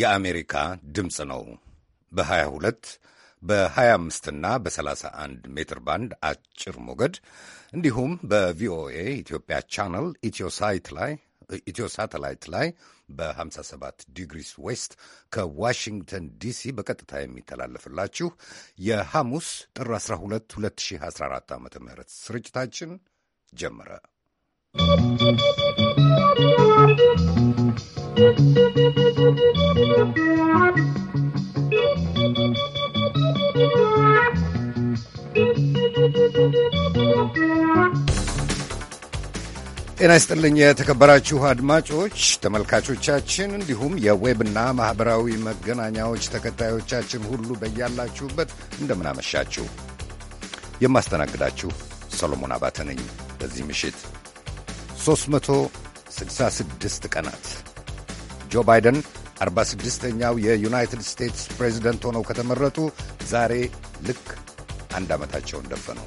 የአሜሪካ ድምፅ ነው። በ22 በ25 እና በ31 ሜትር ባንድ አጭር ሞገድ እንዲሁም በቪኦኤ ኢትዮጵያ ቻናል ኢትዮ ሳተላይት ላይ በ57 ዲግሪስ ዌስት ከዋሽንግተን ዲሲ በቀጥታ የሚተላለፍላችሁ የሐሙስ ጥር 12 2014 ዓ ም ስርጭታችን ጀመረ። ጤና ይስጥልኝ የተከበራችሁ አድማጮች፣ ተመልካቾቻችን እንዲሁም የዌብና ማኅበራዊ መገናኛዎች ተከታዮቻችን ሁሉ በያላችሁበት እንደምናመሻችሁ። የማስተናግዳችሁ ሰሎሞን አባተ ነኝ። በዚህ ምሽት 366 ቀናት ጆ ባይደን 46ኛው የዩናይትድ ስቴትስ ፕሬዚደንት ሆነው ከተመረጡ ዛሬ ልክ አንድ ዓመታቸውን ደፈኑ።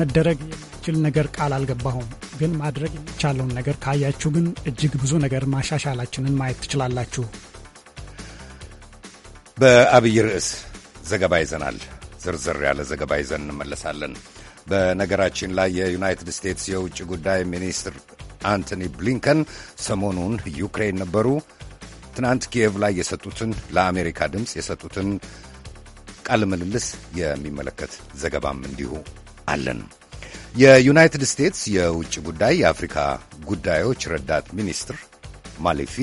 መደረግ የሚችል ነገር ቃል አልገባሁም፣ ግን ማድረግ የሚቻለውን ነገር ካያችሁ ግን እጅግ ብዙ ነገር ማሻሻላችንን ማየት ትችላላችሁ። በአብይ ርዕስ ዘገባ ይዘናል። ዝርዝር ያለ ዘገባ ይዘን እንመለሳለን። በነገራችን ላይ የዩናይትድ ስቴትስ የውጭ ጉዳይ ሚኒስትር አንቶኒ ብሊንከን ሰሞኑን ዩክሬን ነበሩ። ትናንት ኪየቭ ላይ የሰጡትን ለአሜሪካ ድምፅ የሰጡትን ቃለ ምልልስ የሚመለከት ዘገባም እንዲሁ አለን። የዩናይትድ ስቴትስ የውጭ ጉዳይ የአፍሪካ ጉዳዮች ረዳት ሚኒስትር ማሌፊ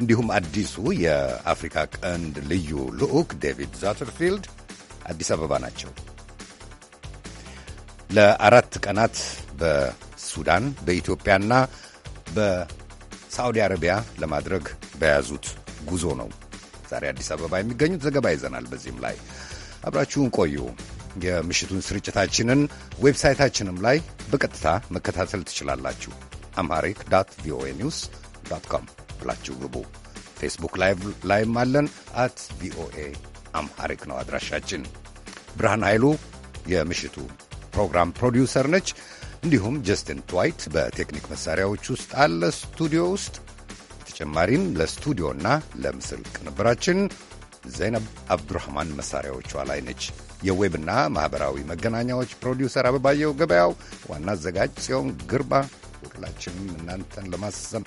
እንዲሁም አዲሱ የአፍሪካ ቀንድ ልዩ ልዑክ ዴቪድ ዛተርፊልድ አዲስ አበባ ናቸው። ለአራት ቀናት በሱዳን በኢትዮጵያና በሳዑዲ አረቢያ ለማድረግ በያዙት ጉዞ ነው ዛሬ አዲስ አበባ የሚገኙት። ዘገባ ይዘናል። በዚህም ላይ አብራችሁን ቆዩ። የምሽቱን ስርጭታችንን ዌብሳይታችንም ላይ በቀጥታ መከታተል ትችላላችሁ። አምሃሪክ ዳት ቪኦኤ ኒውስ ዳት ኮም ብላችሁ ግቡ። ፌስቡክ ላይም አለን። አት ቪኦኤ አምሃሪክ ነው አድራሻችን። ብርሃን ኃይሉ የምሽቱ ፕሮግራም ፕሮዲውሰር ነች። እንዲሁም ጀስትን ትዋይት በቴክኒክ መሳሪያዎች ውስጥ አለ ስቱዲዮ ውስጥ። በተጨማሪም ለስቱዲዮና ለምስል ቅንብራችን ዘይነብ አብዱራህማን መሳሪያዎቿ ላይ ነች። የዌብና ማኅበራዊ መገናኛዎች ፕሮዲውሰር አበባየው ገበያው፣ ዋና አዘጋጅ ጽዮን ግርማ ሁላችንም እናንተን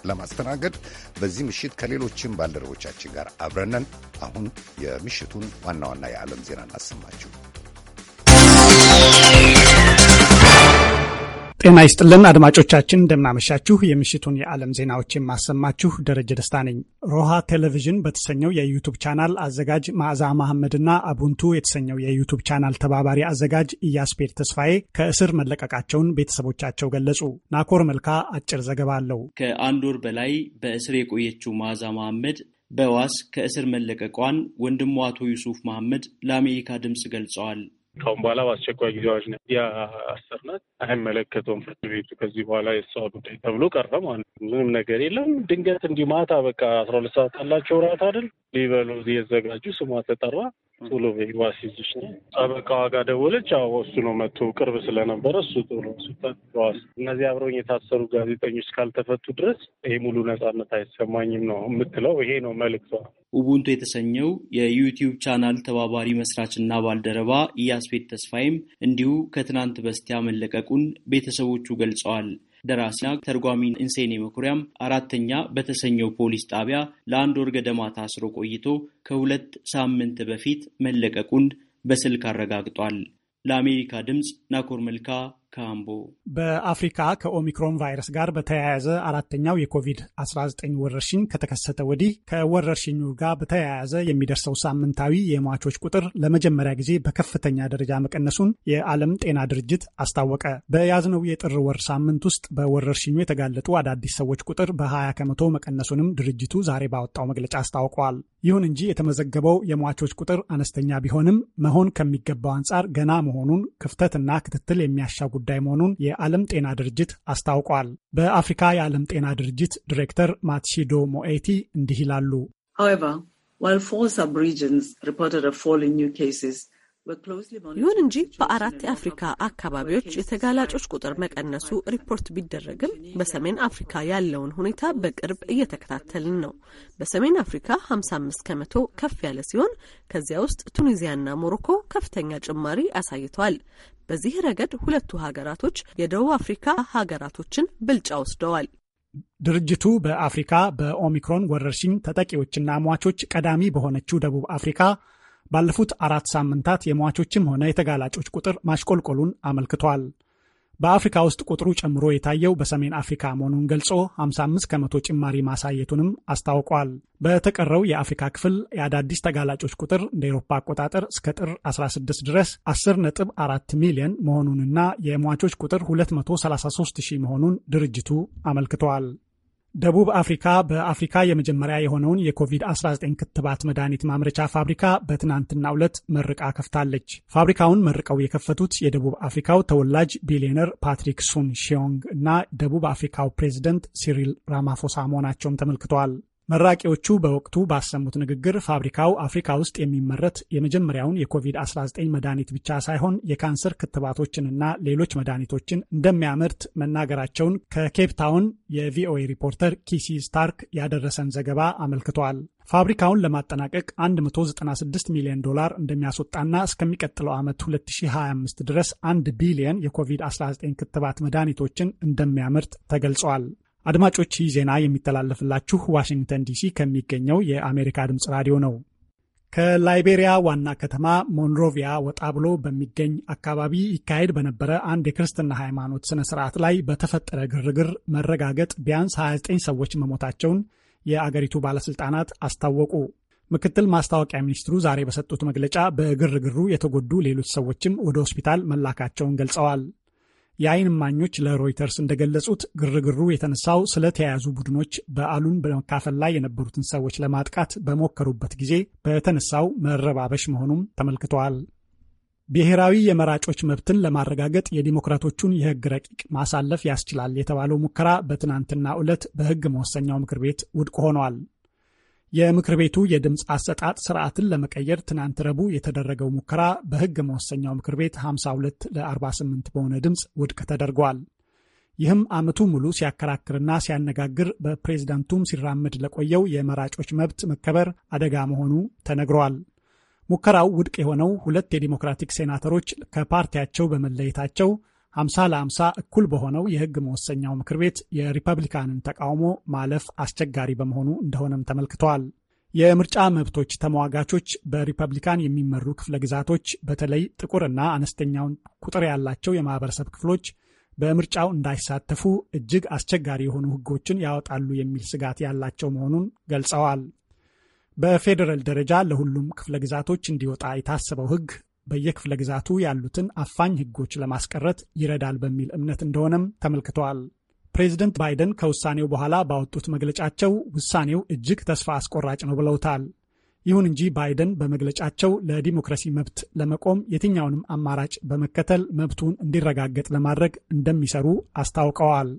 ለማስተናገድ በዚህ ምሽት ከሌሎችም ባልደረቦቻችን ጋር አብረነን። አሁን የምሽቱን ዋና ዋና የዓለም ዜና እናሰማችሁ። ጤና ይስጥልን አድማጮቻችን፣ እንደምናመሻችሁ። የምሽቱን የዓለም ዜናዎች የማሰማችሁ ደረጀ ደስታ ነኝ። ሮሃ ቴሌቪዥን በተሰኘው የዩቱብ ቻናል አዘጋጅ ማዕዛ መሐመድና አቡንቱ የተሰኘው የዩቱብ ቻናል ተባባሪ አዘጋጅ ኢያስፔድ ተስፋዬ ከእስር መለቀቃቸውን ቤተሰቦቻቸው ገለጹ። ናኮር መልካ አጭር ዘገባ አለው። ከአንድ ወር በላይ በእስር የቆየችው ማዕዛ መሐመድ በዋስ ከእስር መለቀቋን ወንድሟ አቶ ዩሱፍ መሐመድ ለአሜሪካ ድምፅ ገልጸዋል። ካሁን በኋላ በአስቸኳይ ጊዜ አዋጅ ነው ያሰርናት፣ አይመለከተውም ፍርድ ቤቱ ከዚህ በኋላ የእሷ ጉዳይ ተብሎ ቀረ ማለት ነው። ምንም ነገር የለም። ድንገት እንዲህ ማታ በቃ አስራ ሁለት ሰዓት አላቸው ራት አይደል ሊበሉ እየተዘጋጁ ስሟ ተጠራ። ቶሎ በይዋ ነው ጠበቃዋ ጋር ደወለች። አዎ እሱ ነው መጥቶ ቅርብ ስለነበረ እሱ ቶሎ ሲታዋስ እነዚህ አብረውኝ የታሰሩ ጋዜጠኞች ካልተፈቱ ድረስ ይህ ሙሉ ነጻነት አይሰማኝም ነው የምትለው። ይሄ ነው መልእክቷ። ኡቡንቱ የተሰኘው የዩቲዩብ ቻናል ተባባሪ መስራችና ባልደረባ ኢያስቤት ተስፋይም እንዲሁ ከትናንት በስቲያ መለቀቁን ቤተሰቦቹ ገልጸዋል። ደራሲና ተርጓሚ እንሴኔ መኩሪያም አራተኛ በተሰኘው ፖሊስ ጣቢያ ለአንድ ወር ገደማ ታስሮ ቆይቶ ከሁለት ሳምንት በፊት መለቀቁን በስልክ አረጋግጧል። ለአሜሪካ ድምፅ ናኮር መልካ ካምቦ በአፍሪካ ከኦሚክሮን ቫይረስ ጋር በተያያዘ አራተኛው የኮቪድ-19 ወረርሽኝ ከተከሰተ ወዲህ ከወረርሽኙ ጋር በተያያዘ የሚደርሰው ሳምንታዊ የሟቾች ቁጥር ለመጀመሪያ ጊዜ በከፍተኛ ደረጃ መቀነሱን የዓለም ጤና ድርጅት አስታወቀ። በያዝነው የጥር ወር ሳምንት ውስጥ በወረርሽኙ የተጋለጡ አዳዲስ ሰዎች ቁጥር በ20 ከመቶ መቀነሱንም ድርጅቱ ዛሬ ባወጣው መግለጫ አስታውቀዋል። ይሁን እንጂ የተመዘገበው የሟቾች ቁጥር አነስተኛ ቢሆንም መሆን ከሚገባው አንጻር ገና መሆኑን ክፍተትና ክትትል የሚያሻጉ ጉዳይ መሆኑን የዓለም ጤና ድርጅት አስታውቋል። በአፍሪካ የዓለም ጤና ድርጅት ዲሬክተር ማትሺዶ ሞኤቲ እንዲህ ይላሉ። however while four sub-regions reported a fall in new cases ይሁን እንጂ በአራት የአፍሪካ አካባቢዎች የተጋላጮች ቁጥር መቀነሱ ሪፖርት ቢደረግም በሰሜን አፍሪካ ያለውን ሁኔታ በቅርብ እየተከታተልን ነው። በሰሜን አፍሪካ 55 ከመቶ ከፍ ያለ ሲሆን ከዚያ ውስጥ ቱኒዚያና ሞሮኮ ከፍተኛ ጭማሪ አሳይተዋል። በዚህ ረገድ ሁለቱ ሀገራቶች የደቡብ አፍሪካ ሀገራቶችን ብልጫ ወስደዋል። ድርጅቱ በአፍሪካ በኦሚክሮን ወረርሽኝ ተጠቂዎችና ሟቾች ቀዳሚ በሆነችው ደቡብ አፍሪካ ባለፉት አራት ሳምንታት የሟቾችም ሆነ የተጋላጮች ቁጥር ማሽቆልቆሉን አመልክቷል። በአፍሪካ ውስጥ ቁጥሩ ጨምሮ የታየው በሰሜን አፍሪካ መሆኑን ገልጾ 55 ከመቶ ጭማሪ ማሳየቱንም አስታውቋል። በተቀረው የአፍሪካ ክፍል የአዳዲስ ተጋላጮች ቁጥር እንደ ኤሮፓ አቆጣጠር እስከ ጥር 16 ድረስ 10.4 ሚሊዮን መሆኑንና የሟቾች ቁጥር 233 ሺህ መሆኑን ድርጅቱ አመልክቷል። ደቡብ አፍሪካ በአፍሪካ የመጀመሪያ የሆነውን የኮቪድ-19 ክትባት መድኃኒት ማምረቻ ፋብሪካ በትናንትናው ዕለት መርቃ ከፍታለች። ፋብሪካውን መርቀው የከፈቱት የደቡብ አፍሪካው ተወላጅ ቢሊዮነር ፓትሪክ ሱን ሺዮንግ እና ደቡብ አፍሪካው ፕሬዚደንት ሲሪል ራማፎሳ መሆናቸውም ተመልክተዋል። መራቂዎቹ በወቅቱ ባሰሙት ንግግር ፋብሪካው አፍሪካ ውስጥ የሚመረት የመጀመሪያውን የኮቪድ-19 መድኃኒት ብቻ ሳይሆን የካንሰር ክትባቶችንና ሌሎች መድኃኒቶችን እንደሚያመርት መናገራቸውን ከኬፕታውን የቪኦኤ ሪፖርተር ኪሲ ስታርክ ያደረሰን ዘገባ አመልክቷል። ፋብሪካውን ለማጠናቀቅ 196 ሚሊዮን ዶላር እንደሚያስወጣና እስከሚቀጥለው ዓመት 2025 ድረስ 1 ቢሊዮን የኮቪድ-19 ክትባት መድኃኒቶችን እንደሚያመርት ተገልጿል። አድማጮች ይህ ዜና የሚተላለፍላችሁ ዋሽንግተን ዲሲ ከሚገኘው የአሜሪካ ድምፅ ራዲዮ ነው። ከላይቤሪያ ዋና ከተማ ሞንሮቪያ ወጣ ብሎ በሚገኝ አካባቢ ይካሄድ በነበረ አንድ የክርስትና ሃይማኖት ስነ ስርዓት ላይ በተፈጠረ ግርግር መረጋገጥ ቢያንስ 29 ሰዎች መሞታቸውን የአገሪቱ ባለስልጣናት አስታወቁ። ምክትል ማስታወቂያ ሚኒስትሩ ዛሬ በሰጡት መግለጫ በግርግሩ የተጎዱ ሌሎች ሰዎችም ወደ ሆስፒታል መላካቸውን ገልጸዋል። የአይን ማኞች ለሮይተርስ እንደገለጹት ግርግሩ የተነሳው ስለተያያዙ ቡድኖች በዓሉን በመካፈል ላይ የነበሩትን ሰዎች ለማጥቃት በሞከሩበት ጊዜ በተነሳው መረባበሽ መሆኑም ተመልክተዋል። ብሔራዊ የመራጮች መብትን ለማረጋገጥ የዲሞክራቶቹን የሕግ ረቂቅ ማሳለፍ ያስችላል የተባለው ሙከራ በትናንትና ዕለት በሕግ መወሰኛው ምክር ቤት ውድቅ ሆኗል። የምክር ቤቱ የድምፅ አሰጣጥ ስርዓትን ለመቀየር ትናንት ረቡዕ የተደረገው ሙከራ በሕግ መወሰኛው ምክር ቤት 52 ለ48 በሆነ ድምፅ ውድቅ ተደርጓል። ይህም ዓመቱ ሙሉ ሲያከራክርና ሲያነጋግር በፕሬዝዳንቱም ሲራመድ ለቆየው የመራጮች መብት መከበር አደጋ መሆኑ ተነግሯል። ሙከራው ውድቅ የሆነው ሁለት የዲሞክራቲክ ሴናተሮች ከፓርቲያቸው በመለየታቸው 50 ለ50 እኩል በሆነው የህግ መወሰኛው ምክር ቤት የሪፐብሊካንን ተቃውሞ ማለፍ አስቸጋሪ በመሆኑ እንደሆነም ተመልክተዋል። የምርጫ መብቶች ተሟጋቾች በሪፐብሊካን የሚመሩ ክፍለ ግዛቶች በተለይ ጥቁርና አነስተኛውን ቁጥር ያላቸው የማህበረሰብ ክፍሎች በምርጫው እንዳይሳተፉ እጅግ አስቸጋሪ የሆኑ ህጎችን ያወጣሉ የሚል ስጋት ያላቸው መሆኑን ገልጸዋል። በፌዴራል ደረጃ ለሁሉም ክፍለ ግዛቶች እንዲወጣ የታሰበው ህግ በየክፍለ ግዛቱ ያሉትን አፋኝ ሕጎች ለማስቀረት ይረዳል በሚል እምነት እንደሆነም ተመልክተዋል። ፕሬዚደንት ባይደን ከውሳኔው በኋላ ባወጡት መግለጫቸው ውሳኔው እጅግ ተስፋ አስቆራጭ ነው ብለውታል። ይሁን እንጂ ባይደን በመግለጫቸው ለዲሞክራሲ መብት ለመቆም የትኛውንም አማራጭ በመከተል መብቱን እንዲረጋገጥ ለማድረግ እንደሚሰሩ አስታውቀዋል።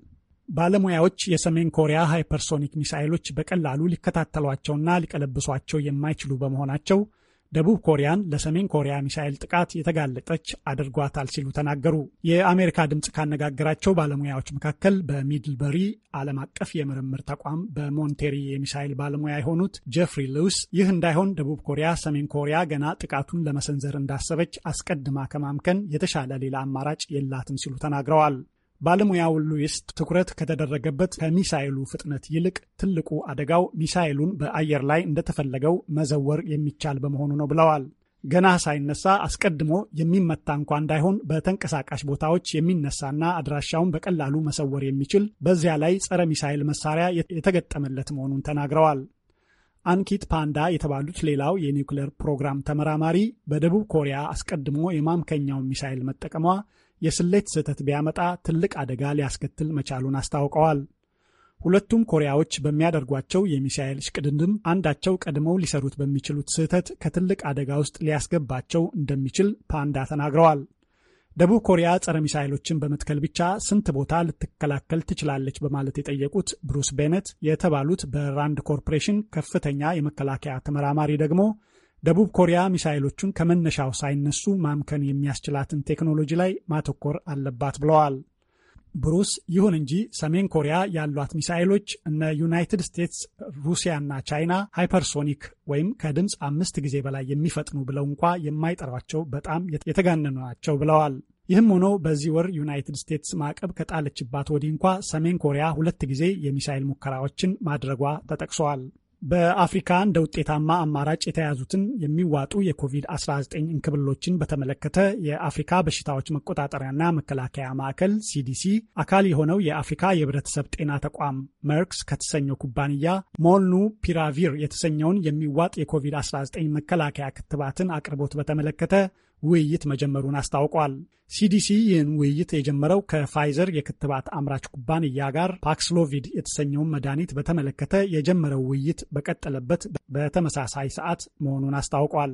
ባለሙያዎች የሰሜን ኮሪያ ሃይፐርሶኒክ ሚሳይሎች በቀላሉ ሊከታተሏቸውና ሊቀለብሷቸው የማይችሉ በመሆናቸው ደቡብ ኮሪያን ለሰሜን ኮሪያ ሚሳኤል ጥቃት የተጋለጠች አድርጓታል ሲሉ ተናገሩ። የአሜሪካ ድምፅ ካነጋገራቸው ባለሙያዎች መካከል በሚድልበሪ ዓለም አቀፍ የምርምር ተቋም በሞንቴሪ የሚሳኤል ባለሙያ የሆኑት ጀፍሪ ልውስ ይህ እንዳይሆን ደቡብ ኮሪያ ሰሜን ኮሪያ ገና ጥቃቱን ለመሰንዘር እንዳሰበች አስቀድማ ከማምከን የተሻለ ሌላ አማራጭ የላትም ሲሉ ተናግረዋል። ባለሙያው ሉዊስ ትኩረት ከተደረገበት ከሚሳይሉ ፍጥነት ይልቅ ትልቁ አደጋው ሚሳይሉን በአየር ላይ እንደተፈለገው መዘወር የሚቻል በመሆኑ ነው ብለዋል። ገና ሳይነሳ አስቀድሞ የሚመታ እንኳ እንዳይሆን በተንቀሳቃሽ ቦታዎች የሚነሳና አድራሻውን በቀላሉ መሰወር የሚችል በዚያ ላይ ጸረ ሚሳይል መሳሪያ የተገጠመለት መሆኑን ተናግረዋል። አንኪት ፓንዳ የተባሉት ሌላው የኒውክሌር ፕሮግራም ተመራማሪ በደቡብ ኮሪያ አስቀድሞ የማምከኛውን ሚሳይል መጠቀሟ የስሌት ስህተት ቢያመጣ ትልቅ አደጋ ሊያስከትል መቻሉን አስታውቀዋል። ሁለቱም ኮሪያዎች በሚያደርጓቸው የሚሳኤል ሽቅድንድም አንዳቸው ቀድመው ሊሰሩት በሚችሉት ስህተት ከትልቅ አደጋ ውስጥ ሊያስገባቸው እንደሚችል ፓንዳ ተናግረዋል። ደቡብ ኮሪያ ጸረ ሚሳይሎችን በመትከል ብቻ ስንት ቦታ ልትከላከል ትችላለች? በማለት የጠየቁት ብሩስ ቤነት የተባሉት በራንድ ኮርፖሬሽን ከፍተኛ የመከላከያ ተመራማሪ ደግሞ ደቡብ ኮሪያ ሚሳይሎቹን ከመነሻው ሳይነሱ ማምከን የሚያስችላትን ቴክኖሎጂ ላይ ማተኮር አለባት ብለዋል ብሩስ። ይሁን እንጂ ሰሜን ኮሪያ ያሏት ሚሳይሎች እነ ዩናይትድ ስቴትስ፣ ሩሲያና ቻይና ሃይፐርሶኒክ ወይም ከድምፅ አምስት ጊዜ በላይ የሚፈጥኑ ብለው እንኳ የማይጠሯቸው በጣም የተጋነኑ ናቸው ብለዋል። ይህም ሆኖ በዚህ ወር ዩናይትድ ስቴትስ ማዕቀብ ከጣለችባት ወዲህ እንኳ ሰሜን ኮሪያ ሁለት ጊዜ የሚሳይል ሙከራዎችን ማድረጓ ተጠቅሰዋል። በአፍሪካ እንደ ውጤታማ አማራጭ የተያዙትን የሚዋጡ የኮቪድ-19 እንክብሎችን በተመለከተ የአፍሪካ በሽታዎች መቆጣጠሪያና መከላከያ ማዕከል ሲዲሲ አካል የሆነው የአፍሪካ የህብረተሰብ ጤና ተቋም መርክስ ከተሰኘው ኩባንያ ሞልኑ ፒራቪር የተሰኘውን የሚዋጥ የኮቪድ-19 መከላከያ ክትባትን አቅርቦት በተመለከተ ውይይት መጀመሩን አስታውቋል። ሲዲሲ ይህን ውይይት የጀመረው ከፋይዘር የክትባት አምራች ኩባንያ ጋር ፓክስሎቪድ የተሰኘውን መድኃኒት በተመለከተ የጀመረው ውይይት በቀጠለበት በተመሳሳይ ሰዓት መሆኑን አስታውቋል።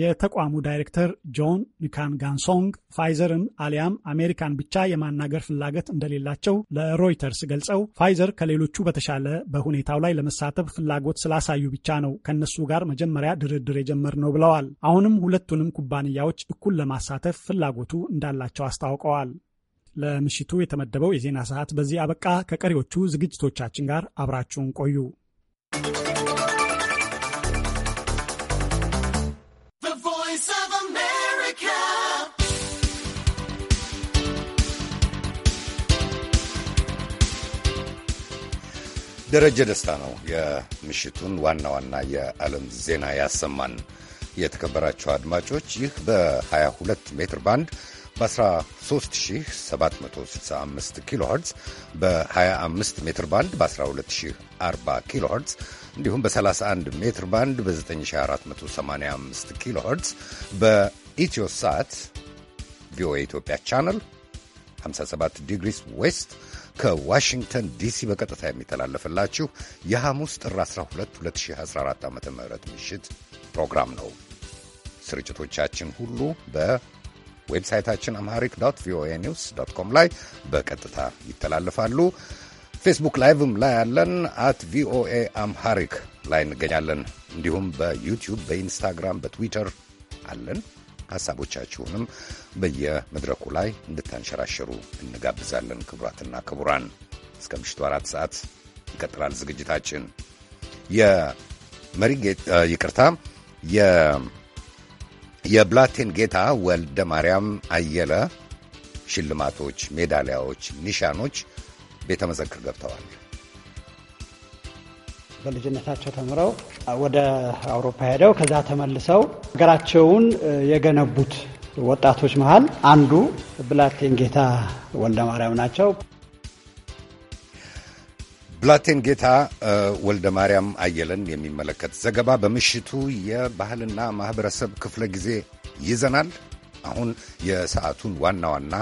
የተቋሙ ዳይሬክተር ጆን ኒካንጋንሶንግ ፋይዘርን አሊያም አሜሪካን ብቻ የማናገር ፍላጎት እንደሌላቸው ለሮይተርስ ገልጸው ፋይዘር ከሌሎቹ በተሻለ በሁኔታው ላይ ለመሳተፍ ፍላጎት ስላሳዩ ብቻ ነው ከነሱ ጋር መጀመሪያ ድርድር የጀመር ነው ብለዋል። አሁንም ሁለቱንም ኩባንያዎች እኩል ለማሳተፍ ፍላጎቱ እንዳላቸው አስታውቀዋል። ለምሽቱ የተመደበው የዜና ሰዓት በዚህ አበቃ። ከቀሪዎቹ ዝግጅቶቻችን ጋር አብራችሁን ቆዩ። ደረጀ ደስታ ነው የምሽቱን ዋና ዋና የዓለም ዜና ያሰማን። የተከበራቸው አድማጮች ይህ በ22 ሜትር ባንድ በ13765 ኪሎ ኸርትዝ በ25 ሜትር ባንድ በ1240 ኪሎ ኸርትዝ እንዲሁም በ31 ሜትር ባንድ በ9485 ኪሎ ኸርትዝ በኢትዮ ሳት ቪኦኤ ኢትዮጵያ ቻናል 57 ዲግሪስ ዌስት ከዋሽንግተን ዲሲ በቀጥታ የሚተላለፍላችሁ የሐሙስ ጥር 12 2014 ዓ ም ምሽት ፕሮግራም ነው። ስርጭቶቻችን ሁሉ በዌብሳይታችን አምሃሪክ ዶት ቪኦኤ ኒውስ ዶት ኮም ላይ በቀጥታ ይተላለፋሉ። ፌስቡክ ላይቭም ላይ ያለን አት ቪኦኤ አምሃሪክ ላይ እንገኛለን። እንዲሁም በዩቲዩብ፣ በኢንስታግራም፣ በትዊተር አለን። ሐሳቦቻችሁንም በየመድረኩ ላይ እንድታንሸራሸሩ እንጋብዛለን። ክቡራትና ክቡራን እስከ ምሽቱ አራት ሰዓት ይቀጥላል ዝግጅታችን። የመሪጌት ይቅርታ የብላቴን ጌታ ወልደ ማርያም አየለ ሽልማቶች፣ ሜዳሊያዎች፣ ኒሻኖች ቤተ መዘክር ገብተዋል። ልጅነታቸው ተምረው ወደ አውሮፓ ሄደው ከዛ ተመልሰው ሀገራቸውን የገነቡት ወጣቶች መሀል አንዱ ብላቴን ጌታ ወልደ ማርያም ናቸው። ብላቴን ጌታ ወልደ ማርያም አየለን የሚመለከት ዘገባ በምሽቱ የባህልና ማህበረሰብ ክፍለ ጊዜ ይዘናል። አሁን የሰዓቱን ዋና ዋና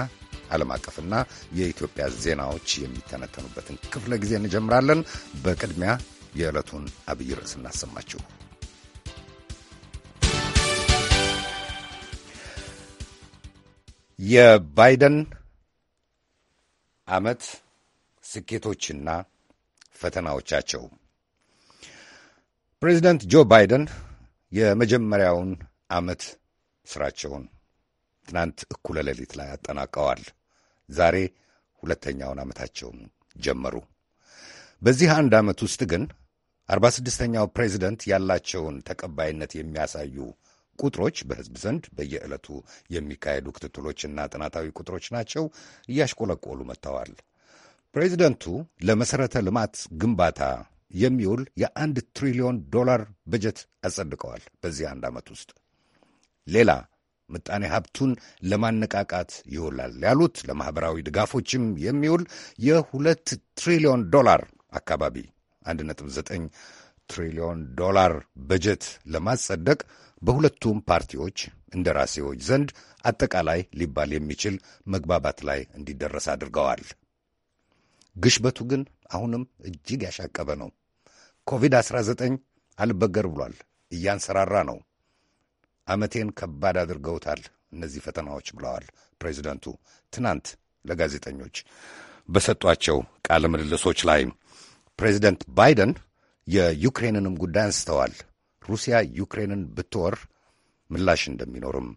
ዓለም አቀፍና የኢትዮጵያ ዜናዎች የሚተነተኑበትን ክፍለ ጊዜ እንጀምራለን። በቅድሚያ የዕለቱን አብይ ርዕስ እናሰማችሁ። የባይደን ዓመት ስኬቶችና ፈተናዎቻቸው ፕሬዚደንት ጆ ባይደን የመጀመሪያውን ዓመት ስራቸውን ትናንት እኩለ ሌሊት ላይ አጠናቀዋል። ዛሬ ሁለተኛውን ዓመታቸውን ጀመሩ። በዚህ አንድ ዓመት ውስጥ ግን አርባ ስድስተኛው ፕሬዚደንት ያላቸውን ተቀባይነት የሚያሳዩ ቁጥሮች በህዝብ ዘንድ በየዕለቱ የሚካሄዱ ክትትሎችና ጥናታዊ ቁጥሮች ናቸው እያሽቆለቆሉ መጥተዋል። ፕሬዚደንቱ ለመሠረተ ልማት ግንባታ የሚውል የአንድ ትሪሊዮን ዶላር በጀት አጸድቀዋል። በዚህ አንድ ዓመት ውስጥ ሌላ ምጣኔ ሀብቱን ለማነቃቃት ይውላል ያሉት ለማኅበራዊ ድጋፎችም የሚውል የሁለት ትሪሊዮን ዶላር አካባቢ 1.9 ትሪሊዮን ዶላር በጀት ለማጸደቅ በሁለቱም ፓርቲዎች እንደራሴዎች ዘንድ አጠቃላይ ሊባል የሚችል መግባባት ላይ እንዲደረስ አድርገዋል። ግሽበቱ ግን አሁንም እጅግ ያሻቀበ ነው። ኮቪድ-19 አልበገር ብሏል፣ እያንሰራራ ነው። ዓመቴን ከባድ አድርገውታል እነዚህ ፈተናዎች ብለዋል ፕሬዚደንቱ ትናንት ለጋዜጠኞች በሰጧቸው ቃለ ምልልሶች ላይ ፕሬዚደንት ባይደን የዩክሬንንም ጉዳይ አንስተዋል። ሩሲያ ዩክሬንን ብትወር ምላሽ እንደሚኖርም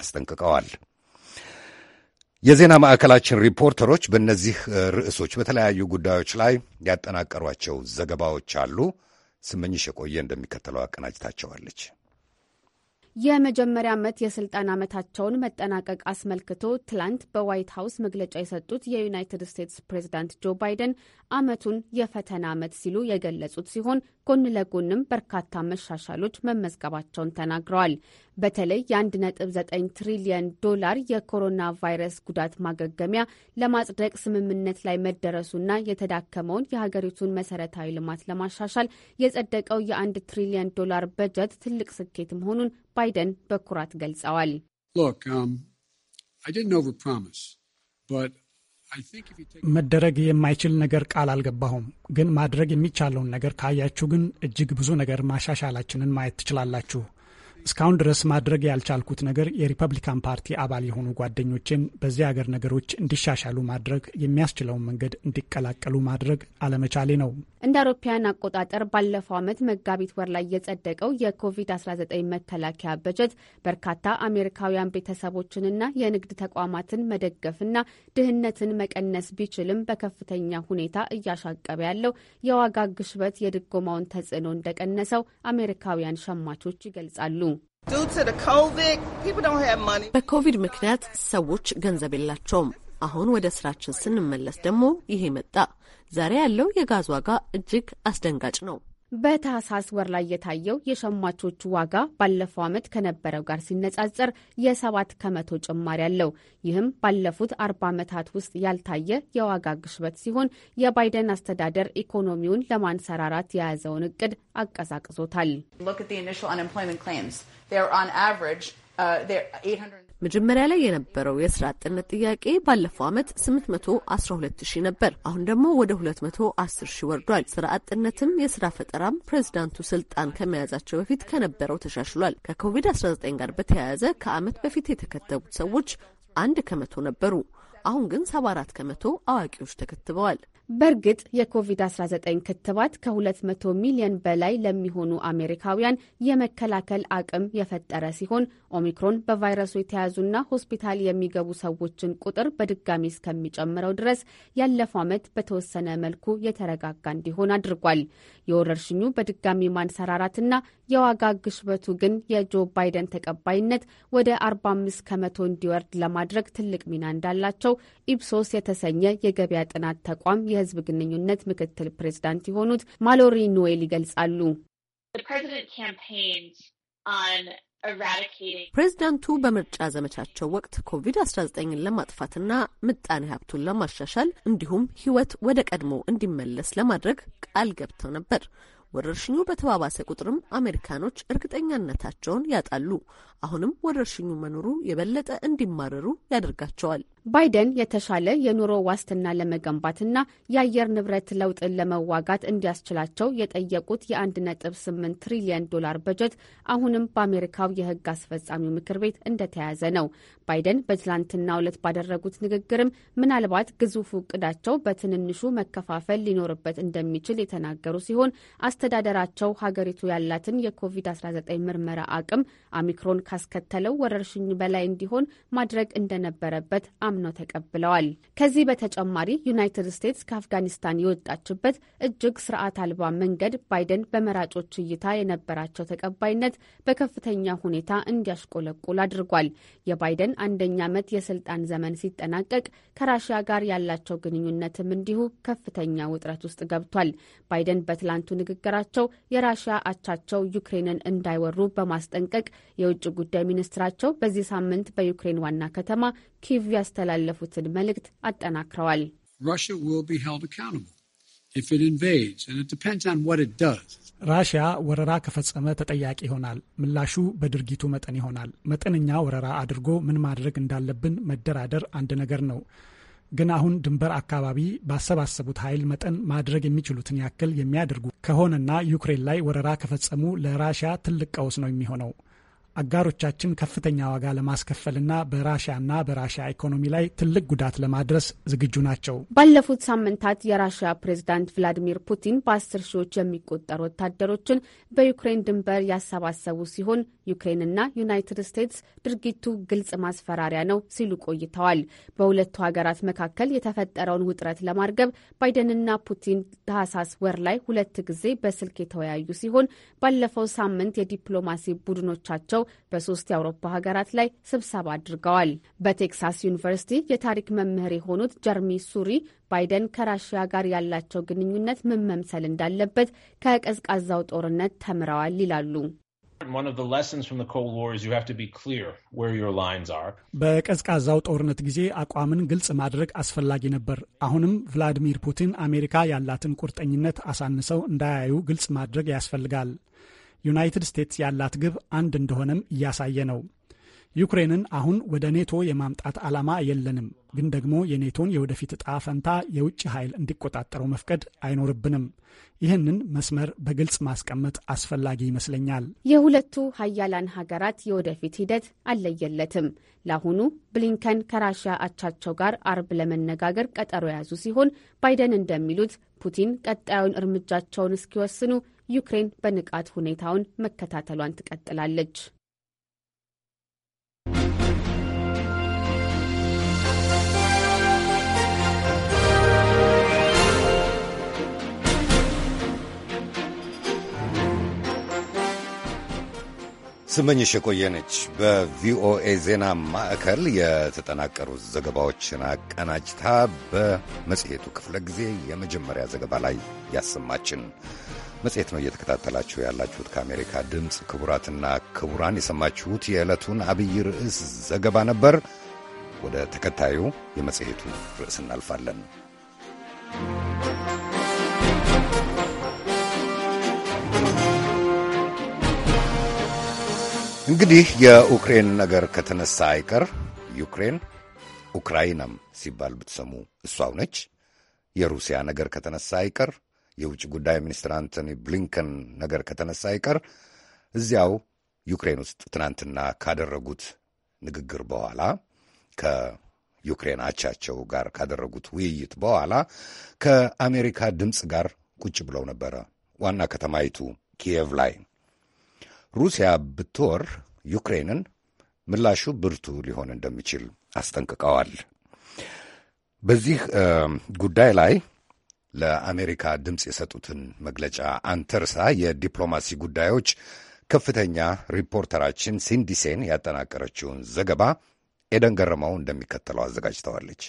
አስጠንቅቀዋል። የዜና ማዕከላችን ሪፖርተሮች በእነዚህ ርዕሶች በተለያዩ ጉዳዮች ላይ ያጠናቀሯቸው ዘገባዎች አሉ። ስመኝሽ የቆየ እንደሚከተለው አቀናጅታቸዋለች። የመጀመሪያ ዓመት የስልጣን ዓመታቸውን መጠናቀቅ አስመልክቶ ትላንት በዋይት ሀውስ መግለጫ የሰጡት የዩናይትድ ስቴትስ ፕሬዝዳንት ጆ ባይደን ዓመቱን የፈተና ዓመት ሲሉ የገለጹት ሲሆን ጎን ለጎንም በርካታ መሻሻሎች መመዝገባቸውን ተናግረዋል። በተለይ የ1.9 ትሪሊየን ዶላር የኮሮና ቫይረስ ጉዳት ማገገሚያ ለማጽደቅ ስምምነት ላይ መደረሱና የተዳከመውን የሀገሪቱን መሰረታዊ ልማት ለማሻሻል የጸደቀው የአንድ ትሪሊየን ዶላር በጀት ትልቅ ስኬት መሆኑን ባይደን በኩራት ገልጸዋል። um, መደረግ የማይችል ነገር ቃል አልገባሁም፣ ግን ማድረግ የሚቻለውን ነገር ካያችሁ ግን እጅግ ብዙ ነገር ማሻሻላችንን ማየት ትችላላችሁ። እስካሁን ድረስ ማድረግ ያልቻልኩት ነገር የሪፐብሊካን ፓርቲ አባል የሆኑ ጓደኞችን በዚህ አገር ነገሮች እንዲሻሻሉ ማድረግ የሚያስችለውን መንገድ እንዲቀላቀሉ ማድረግ አለመቻሌ ነው። እንደ አውሮፓውያን አቆጣጠር ባለፈው ዓመት መጋቢት ወር ላይ የጸደቀው የኮቪድ-19 መከላከያ በጀት በርካታ አሜሪካውያን ቤተሰቦችንና የንግድ ተቋማትን መደገፍና ድህነትን መቀነስ ቢችልም በከፍተኛ ሁኔታ እያሻቀበ ያለው የዋጋ ግሽበት የድጎማውን ተጽዕኖ እንደቀነሰው አሜሪካውያን ሸማቾች ይገልጻሉ። በኮቪድ ምክንያት ሰዎች ገንዘብ የላቸውም። አሁን ወደ ስራችን ስንመለስ ደግሞ ይሄ መጣ። ዛሬ ያለው የጋዝ ዋጋ እጅግ አስደንጋጭ ነው። በታህሳስ ወር ላይ የታየው የሸማቾቹ ዋጋ ባለፈው ዓመት ከነበረው ጋር ሲነጻጸር የሰባት ከመቶ ጭማሪ አለው። ይህም ባለፉት አርባ ዓመታት ውስጥ ያልታየ የዋጋ ግሽበት ሲሆን የባይደን አስተዳደር ኢኮኖሚውን ለማንሰራራት የያዘውን እቅድ አቀዛቅዞታል። መጀመሪያ ላይ የነበረው የስራ አጥነት ጥያቄ ባለፈው ዓመት 812 ሺህ ነበር። አሁን ደግሞ ወደ 210 ሺህ ወርዷል። ስራ አጥነትም የስራ ፈጠራም ፕሬዚዳንቱ ስልጣን ከመያዛቸው በፊት ከነበረው ተሻሽሏል። ከኮቪድ-19 ጋር በተያያዘ ከዓመት በፊት የተከተቡት ሰዎች አንድ ከመቶ ነበሩ። አሁን ግን 74 ከመቶ አዋቂዎች ተከትበዋል። በእርግጥ የኮቪድ-19 ክትባት ከ200 ሚሊዮን በላይ ለሚሆኑ አሜሪካውያን የመከላከል አቅም የፈጠረ ሲሆን ኦሚክሮን በቫይረሱ የተያዙና ሆስፒታል የሚገቡ ሰዎችን ቁጥር በድጋሚ እስከሚጨምረው ድረስ ያለፈው ዓመት በተወሰነ መልኩ የተረጋጋ እንዲሆን አድርጓል። የወረርሽኙ በድጋሚ ማንሰራራትና የዋጋ ግሽበቱ ግን የጆ ባይደን ተቀባይነት ወደ 45 ከመቶ እንዲወርድ ለማድረግ ትልቅ ሚና እንዳላቸው ኢፕሶስ የተሰኘ የገበያ ጥናት ተቋም የሕዝብ ግንኙነት ምክትል ፕሬዝዳንት የሆኑት ማሎሪ ኖዌል ይገልጻሉ። ፕሬዚዳንቱ በምርጫ ዘመቻቸው ወቅት ኮቪድ-19ን ለማጥፋትና ምጣኔ ሀብቱን ለማሻሻል እንዲሁም ሕይወት ወደ ቀድሞ እንዲመለስ ለማድረግ ቃል ገብተው ነበር። ወረርሽኙ በተባባሰ ቁጥርም አሜሪካኖች እርግጠኛነታቸውን ያጣሉ። አሁንም ወረርሽኙ መኖሩ የበለጠ እንዲማረሩ ያደርጋቸዋል። ባይደን የተሻለ የኑሮ ዋስትና ለመገንባትና የአየር ንብረት ለውጥን ለመዋጋት እንዲያስችላቸው የጠየቁት የ1.8 ትሪሊየን ዶላር በጀት አሁንም በአሜሪካው የሕግ አስፈጻሚው ምክር ቤት እንደተያዘ ነው። ባይደን በትላንትናው ዕለት ባደረጉት ንግግርም ምናልባት ግዙፍ እቅዳቸው በትንንሹ መከፋፈል ሊኖርበት እንደሚችል የተናገሩ ሲሆን አስተዳደራቸው ሀገሪቱ ያላትን የኮቪድ-19 ምርመራ አቅም ኦሚክሮን ካስከተለው ወረርሽኝ በላይ እንዲሆን ማድረግ እንደነበረበት አምነው ተቀብለዋል። ከዚህ በተጨማሪ ዩናይትድ ስቴትስ ከአፍጋኒስታን የወጣችበት እጅግ ስርዓት አልባ መንገድ ባይደን በመራጮች እይታ የነበራቸው ተቀባይነት በከፍተኛ ሁኔታ እንዲያሽቆለቁል አድርጓል። የባይደን አንደኛ ዓመት የስልጣን ዘመን ሲጠናቀቅ ከራሽያ ጋር ያላቸው ግንኙነትም እንዲሁ ከፍተኛ ውጥረት ውስጥ ገብቷል። ባይደን በትላንቱ ንግግራቸው የራሽያ አቻቸው ዩክሬንን እንዳይወሩ በማስጠንቀቅ የውጭ ጉዳይ ሚኒስትራቸው በዚህ ሳምንት በዩክሬን ዋና ከተማ ኪቭ ያስተላለፉትን መልእክት አጠናክረዋል። ራሽያ ወረራ ከፈጸመ ተጠያቂ ይሆናል። ምላሹ በድርጊቱ መጠን ይሆናል። መጠነኛ ወረራ አድርጎ ምን ማድረግ እንዳለብን መደራደር አንድ ነገር ነው። ግን አሁን ድንበር አካባቢ ባሰባሰቡት ኃይል መጠን ማድረግ የሚችሉትን ያክል የሚያደርጉ ከሆነና ዩክሬን ላይ ወረራ ከፈጸሙ ለራሽያ ትልቅ ቀውስ ነው የሚሆነው። አጋሮቻችን ከፍተኛ ዋጋ ለማስከፈልና በራሽያና በራሽያ ኢኮኖሚ ላይ ትልቅ ጉዳት ለማድረስ ዝግጁ ናቸው። ባለፉት ሳምንታት የራሽያ ፕሬዝዳንት ቭላዲሚር ፑቲን በአስር ሺዎች የሚቆጠሩ ወታደሮችን በዩክሬን ድንበር ያሰባሰቡ ሲሆን ዩክሬንና ዩናይትድ ስቴትስ ድርጊቱ ግልጽ ማስፈራሪያ ነው ሲሉ ቆይተዋል። በሁለቱ ሀገራት መካከል የተፈጠረውን ውጥረት ለማርገብ ባይደንና ፑቲን ታህሳስ ወር ላይ ሁለት ጊዜ በስልክ የተወያዩ ሲሆን ባለፈው ሳምንት የዲፕሎማሲ ቡድኖቻቸው በሶስት የአውሮፓ ሀገራት ላይ ስብሰባ አድርገዋል። በቴክሳስ ዩኒቨርሲቲ የታሪክ መምህር የሆኑት ጀርሚ ሱሪ ባይደን ከራሽያ ጋር ያላቸው ግንኙነት ምን መምሰል እንዳለበት ከቀዝቃዛው ጦርነት ተምረዋል ይላሉ። በቀዝቃዛው ጦርነት ጊዜ አቋምን ግልጽ ማድረግ አስፈላጊ ነበር። አሁንም ቭላዲሚር ፑቲን አሜሪካ ያላትን ቁርጠኝነት አሳንሰው እንዳያዩ ግልጽ ማድረግ ያስፈልጋል። ዩናይትድ ስቴትስ ያላት ግብ አንድ እንደሆነም እያሳየ ነው። ዩክሬንን አሁን ወደ ኔቶ የማምጣት ዓላማ የለንም፣ ግን ደግሞ የኔቶን የወደፊት እጣ ፈንታ የውጭ ኃይል እንዲቆጣጠረው መፍቀድ አይኖርብንም። ይህንን መስመር በግልጽ ማስቀመጥ አስፈላጊ ይመስለኛል። የሁለቱ ሀያላን ሀገራት የወደፊት ሂደት አለየለትም። ለአሁኑ ብሊንከን ከራሽያ አቻቸው ጋር አርብ ለመነጋገር ቀጠሮ የያዙ ሲሆን ባይደን እንደሚሉት ፑቲን ቀጣዩን እርምጃቸውን እስኪወስኑ ዩክሬን በንቃት ሁኔታውን መከታተሏን ትቀጥላለች። ስመኝሽ የቆየነች በቪኦኤ ዜና ማዕከል የተጠናቀሩ ዘገባዎችን አቀናጅታ በመጽሔቱ ክፍለ ጊዜ የመጀመሪያ ዘገባ ላይ ያሰማችን መጽሔት ነው እየተከታተላችሁ ያላችሁት። ከአሜሪካ ድምፅ ክቡራትና ክቡራን የሰማችሁት የዕለቱን አብይ ርዕስ ዘገባ ነበር። ወደ ተከታዩ የመጽሔቱ ርዕስ እናልፋለን። እንግዲህ የዩክሬን ነገር ከተነሳ አይቀር ዩክሬን ኡክራይናም ሲባል ብትሰሙ እሷው ነች። የሩሲያ ነገር ከተነሳ አይቀር የውጭ ጉዳይ ሚኒስትር አንቶኒ ብሊንከን ነገር ከተነሳ አይቀር እዚያው ዩክሬን ውስጥ ትናንትና ካደረጉት ንግግር በኋላ ከዩክሬን አቻቸው ጋር ካደረጉት ውይይት በኋላ ከአሜሪካ ድምፅ ጋር ቁጭ ብለው ነበረ ዋና ከተማይቱ ኪየቭ ላይ ሩሲያ ብትወር ዩክሬንን ምላሹ ብርቱ ሊሆን እንደሚችል አስጠንቅቀዋል። በዚህ ጉዳይ ላይ ለአሜሪካ ድምፅ የሰጡትን መግለጫ አንተርሳ የዲፕሎማሲ ጉዳዮች ከፍተኛ ሪፖርተራችን ሲንዲሴን ያጠናቀረችውን ዘገባ ኤደን ገረመው እንደሚከተለው አዘጋጅተዋለች።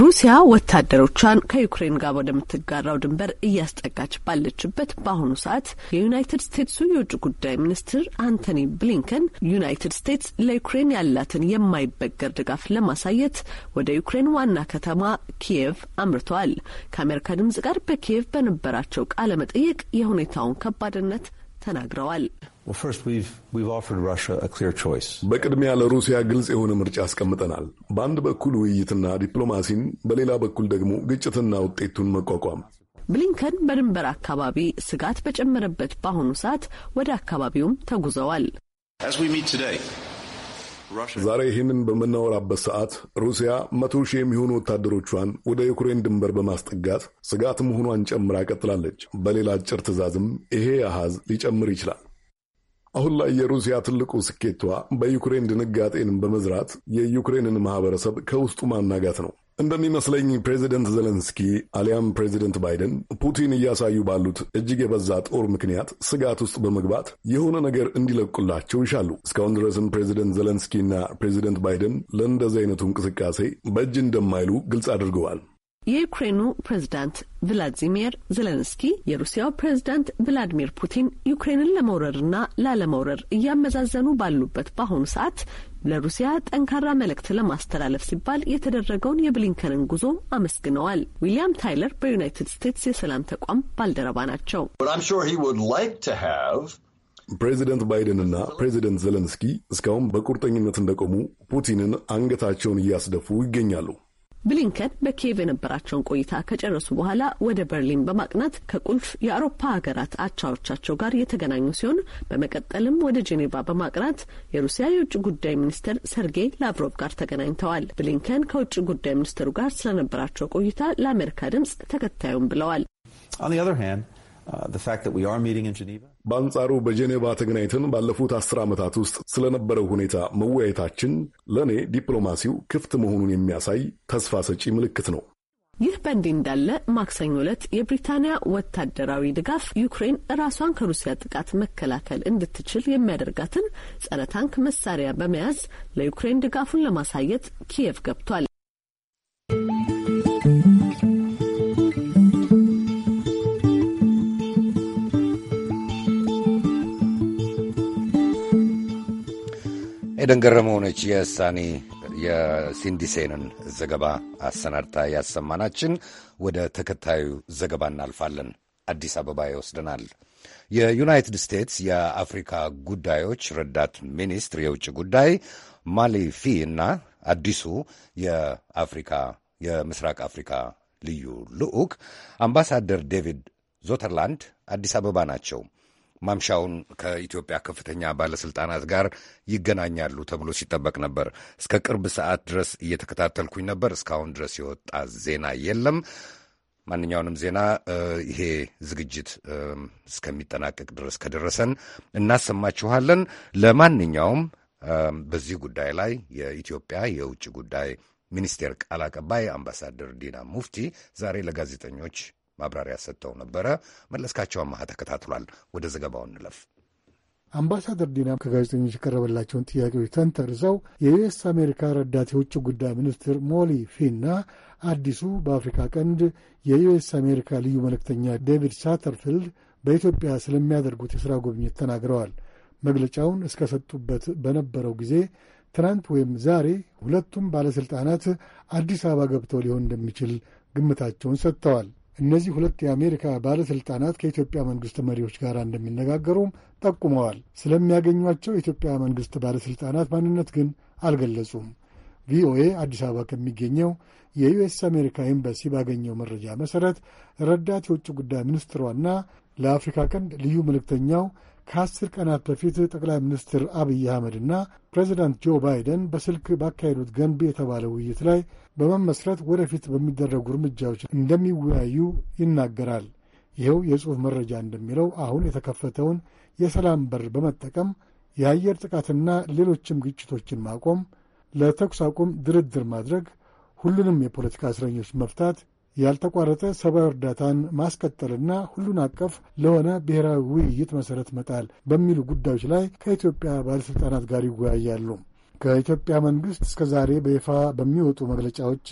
ሩሲያ ወታደሮቿን ከዩክሬን ጋር ወደምትጋራው ድንበር እያስጠጋች ባለችበት በአሁኑ ሰዓት የዩናይትድ ስቴትሱ የውጭ ጉዳይ ሚኒስትር አንቶኒ ብሊንከን ዩናይትድ ስቴትስ ለዩክሬን ያላትን የማይበገር ድጋፍ ለማሳየት ወደ ዩክሬን ዋና ከተማ ኪየቭ አምርተዋል። ከአሜሪካ ድምጽ ጋር በኪየቭ በነበራቸው ቃለ የሁኔታውን ከባድነት ተናግረዋል። በቅድሚያ ለሩሲያ ግልጽ የሆነ ምርጫ አስቀምጠናል። በአንድ በኩል ውይይትና ዲፕሎማሲን፣ በሌላ በኩል ደግሞ ግጭትና ውጤቱን መቋቋም። ብሊንከን በድንበር አካባቢ ስጋት በጨመረበት በአሁኑ ሰዓት ወደ አካባቢውም ተጉዘዋል። ዛሬ ይህንን በምናወራበት ሰዓት ሩሲያ መቶ ሺህ የሚሆኑ ወታደሮቿን ወደ ዩክሬን ድንበር በማስጠጋት ስጋት መሆኗን ጨምራ ቀጥላለች። በሌላ አጭር ትዕዛዝም ይሄ አሃዝ ሊጨምር ይችላል። አሁን ላይ የሩሲያ ትልቁ ስኬቷ በዩክሬን ድንጋጤን በመዝራት የዩክሬንን ማህበረሰብ ከውስጡ ማናጋት ነው። እንደሚመስለኝ ፕሬዚደንት ዘለንስኪ አሊያም ፕሬዚደንት ባይደን ፑቲን እያሳዩ ባሉት እጅግ የበዛ ጦር ምክንያት ስጋት ውስጥ በመግባት የሆነ ነገር እንዲለቁላቸው ይሻሉ። እስካሁን ድረስም ፕሬዚደንት ና ፕሬዚደንት ባይደን ለእንደዚህ አይነቱ እንቅስቃሴ በእጅ እንደማይሉ ግልጽ አድርገዋል። የዩክሬኑ ፕሬዝዳንት ቭላዲሚር ዜሌንስኪ የሩሲያው ፕሬዝዳንት ቭላዲሚር ፑቲን ዩክሬንን ለመውረርና ላለመውረር እያመዛዘኑ ባሉበት በአሁኑ ሰዓት ለሩሲያ ጠንካራ መልእክት ለማስተላለፍ ሲባል የተደረገውን የብሊንከንን ጉዞ አመስግነዋል። ዊሊያም ታይለር በዩናይትድ ስቴትስ የሰላም ተቋም ባልደረባ ናቸው። ፕሬዚደንት ባይደንና ፕሬዚደንት ዜሌንስኪ እስካሁን በቁርጠኝነት እንደቆሙ ፑቲንን አንገታቸውን እያስደፉ ይገኛሉ። ብሊንከን በኪየቭ የነበራቸውን ቆይታ ከጨረሱ በኋላ ወደ በርሊን በማቅናት ከቁልፍ የአውሮፓ ሀገራት አቻዎቻቸው ጋር የተገናኙ ሲሆን በመቀጠልም ወደ ጄኔቫ በማቅናት የሩሲያ የውጭ ጉዳይ ሚኒስትር ሰርጌይ ላቭሮቭ ጋር ተገናኝተዋል። ብሊንከን ከውጭ ጉዳይ ሚኒስትሩ ጋር ስለነበራቸው ቆይታ ለአሜሪካ ድምጽ ተከታዩም ብለዋል። On the other hand, Uh, በአንጻሩ በጄኔቫ ተገናኝተን ባለፉት አስር ዓመታት ውስጥ ስለነበረው ሁኔታ መወያየታችን ለእኔ ዲፕሎማሲው ክፍት መሆኑን የሚያሳይ ተስፋ ሰጪ ምልክት ነው። ይህ በእንዲህ እንዳለ ማክሰኞ ዕለት የብሪታንያ ወታደራዊ ድጋፍ ዩክሬን ራሷን ከሩሲያ ጥቃት መከላከል እንድትችል የሚያደርጋትን ጸረ ታንክ መሳሪያ በመያዝ ለዩክሬን ድጋፉን ለማሳየት ኪየቭ ገብቷል። ኤደን ገረመው ነች የሳኒ የሲንዲሴንን ዘገባ አሰናድታ ያሰማናችን። ወደ ተከታዩ ዘገባ እናልፋለን። አዲስ አበባ ይወስደናል። የዩናይትድ ስቴትስ የአፍሪካ ጉዳዮች ረዳት ሚኒስትር የውጭ ጉዳይ ማሊፊ እና አዲሱ የአፍሪካ የምስራቅ አፍሪካ ልዩ ልዑክ አምባሳደር ዴቪድ ዞተርላንድ አዲስ አበባ ናቸው። ማምሻውን ከኢትዮጵያ ከፍተኛ ባለስልጣናት ጋር ይገናኛሉ ተብሎ ሲጠበቅ ነበር። እስከ ቅርብ ሰዓት ድረስ እየተከታተልኩኝ ነበር። እስካሁን ድረስ የወጣ ዜና የለም። ማንኛውንም ዜና ይሄ ዝግጅት እስከሚጠናቀቅ ድረስ ከደረሰን እናሰማችኋለን። ለማንኛውም በዚህ ጉዳይ ላይ የኢትዮጵያ የውጭ ጉዳይ ሚኒስቴር ቃል አቀባይ አምባሳደር ዲና ሙፍቲ ዛሬ ለጋዜጠኞች ማብራሪያ ሰጥተው ነበረ። መለስካቸው አማሃ ተከታትሏል። ወደ ዘገባው እንለፍ። አምባሳደር ዲና ከጋዜጠኞች የቀረበላቸውን ጥያቄዎች ተንተርሰው የዩኤስ አሜሪካ ረዳት የውጭ ጉዳይ ሚኒስትር ሞሊ ፊና አዲሱ በአፍሪካ ቀንድ የዩኤስ አሜሪካ ልዩ መልእክተኛ ዴቪድ ሳተርፊልድ በኢትዮጵያ ስለሚያደርጉት የሥራ ጉብኝት ተናግረዋል። መግለጫውን እስከሰጡበት በነበረው ጊዜ ትናንት ወይም ዛሬ ሁለቱም ባለሥልጣናት አዲስ አበባ ገብተው ሊሆን እንደሚችል ግምታቸውን ሰጥተዋል። እነዚህ ሁለት የአሜሪካ ባለሥልጣናት ከኢትዮጵያ መንግሥት መሪዎች ጋር እንደሚነጋገሩም ጠቁመዋል። ስለሚያገኟቸው የኢትዮጵያ መንግሥት ባለሥልጣናት ማንነት ግን አልገለጹም። ቪኦኤ አዲስ አበባ ከሚገኘው የዩኤስ አሜሪካ ኤምባሲ ባገኘው መረጃ መሠረት ረዳት የውጭ ጉዳይ ሚኒስትሯና ለአፍሪካ ቀንድ ልዩ መልእክተኛው ከአስር ቀናት በፊት ጠቅላይ ሚኒስትር አብይ አህመድና ፕሬዚዳንት ጆ ባይደን በስልክ ባካሄዱት ገንቢ የተባለ ውይይት ላይ በመመስረት ወደፊት በሚደረጉ እርምጃዎች እንደሚወያዩ ይናገራል። ይኸው የጽሑፍ መረጃ እንደሚለው አሁን የተከፈተውን የሰላም በር በመጠቀም የአየር ጥቃትና ሌሎችም ግጭቶችን ማቆም፣ ለተኩስ አቁም ድርድር ማድረግ፣ ሁሉንም የፖለቲካ እስረኞች መፍታት፣ ያልተቋረጠ ሰብአዊ እርዳታን ማስቀጠልና ሁሉን አቀፍ ለሆነ ብሔራዊ ውይይት መሠረት መጣል በሚሉ ጉዳዮች ላይ ከኢትዮጵያ ባለሥልጣናት ጋር ይወያያሉ። ከኢትዮጵያ መንግሥት እስከ ዛሬ በይፋ በሚወጡ መግለጫዎች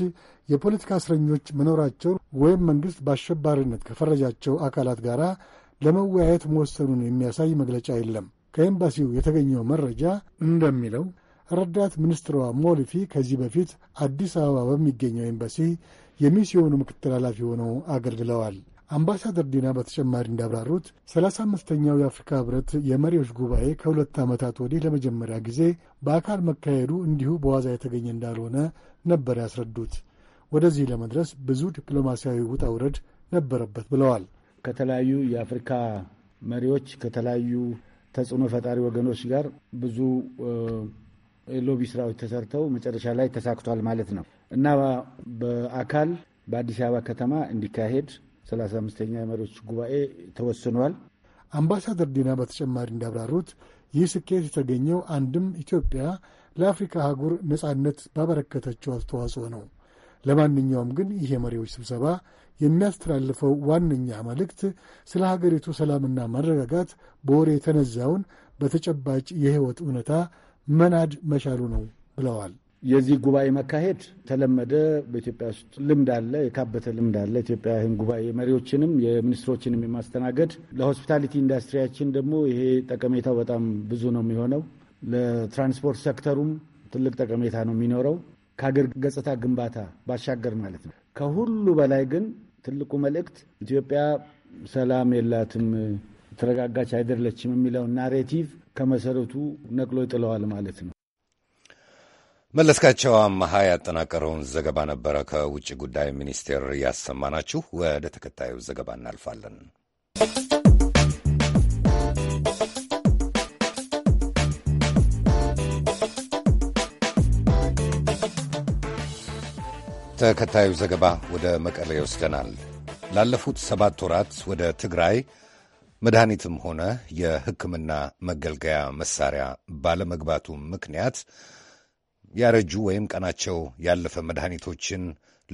የፖለቲካ እስረኞች መኖራቸውን ወይም መንግሥት በአሸባሪነት ከፈረጃቸው አካላት ጋር ለመወያየት መወሰኑን የሚያሳይ መግለጫ የለም። ከኤምባሲው የተገኘው መረጃ እንደሚለው ረዳት ሚኒስትሯ ሞሊፊ ከዚህ በፊት አዲስ አበባ በሚገኘው ኤምባሲ የሚስዮኑ ምክትል ኃላፊ ሆነው አገልግለዋል። አምባሳደር ዲና በተጨማሪ እንዳብራሩት ሰላሳ አምስተኛው የአፍሪካ ህብረት የመሪዎች ጉባኤ ከሁለት ዓመታት ወዲህ ለመጀመሪያ ጊዜ በአካል መካሄዱ እንዲሁ በዋዛ የተገኘ እንዳልሆነ ነበር ያስረዱት። ወደዚህ ለመድረስ ብዙ ዲፕሎማሲያዊ ውጣ ውረድ ነበረበት ብለዋል። ከተለያዩ የአፍሪካ መሪዎች ከተለያዩ ተጽዕኖ ፈጣሪ ወገኖች ጋር ብዙ ሎቢ ስራዎች ተሰርተው መጨረሻ ላይ ተሳክቷል ማለት ነው እና በአካል በአዲስ አበባ ከተማ እንዲካሄድ ሰላሳ አምስተኛ የመሪዎች ጉባኤ ተወስኗል። አምባሳደር ዲና በተጨማሪ እንዳብራሩት ይህ ስኬት የተገኘው አንድም ኢትዮጵያ ለአፍሪካ አህጉር ነጻነት ባበረከተችው አስተዋጽኦ ነው። ለማንኛውም ግን ይህ የመሪዎች ስብሰባ የሚያስተላልፈው ዋነኛ መልእክት ስለ ሀገሪቱ ሰላምና መረጋጋት በወሬ የተነዛውን በተጨባጭ የሕይወት እውነታ መናድ መቻሉ ነው ብለዋል። የዚህ ጉባኤ መካሄድ ተለመደ። በኢትዮጵያ ውስጥ ልምድ አለ፣ የካበተ ልምድ አለ። ኢትዮጵያ ይህን ጉባኤ መሪዎችንም የሚኒስትሮችንም የማስተናገድ ለሆስፒታሊቲ ኢንዱስትሪያችን ደግሞ ይሄ ጠቀሜታው በጣም ብዙ ነው የሚሆነው። ለትራንስፖርት ሴክተሩም ትልቅ ጠቀሜታ ነው የሚኖረው ከሀገር ገጽታ ግንባታ ባሻገር ማለት ነው። ከሁሉ በላይ ግን ትልቁ መልእክት ኢትዮጵያ ሰላም የላትም ተረጋጋች አይደለችም የሚለውን ናሬቲቭ ከመሰረቱ ነቅሎ ይጥለዋል ማለት ነው። መለስካቸው አመሃ ያጠናቀረውን ዘገባ ነበረ ከውጭ ጉዳይ ሚኒስቴር ያሰማናችሁ። ወደ ተከታዩ ዘገባ እናልፋለን። ተከታዩ ዘገባ ወደ መቀሌ ይወስደናል። ላለፉት ሰባት ወራት ወደ ትግራይ መድኃኒትም ሆነ የሕክምና መገልገያ መሳሪያ ባለመግባቱ ምክንያት ያረጁ ወይም ቀናቸው ያለፈ መድኃኒቶችን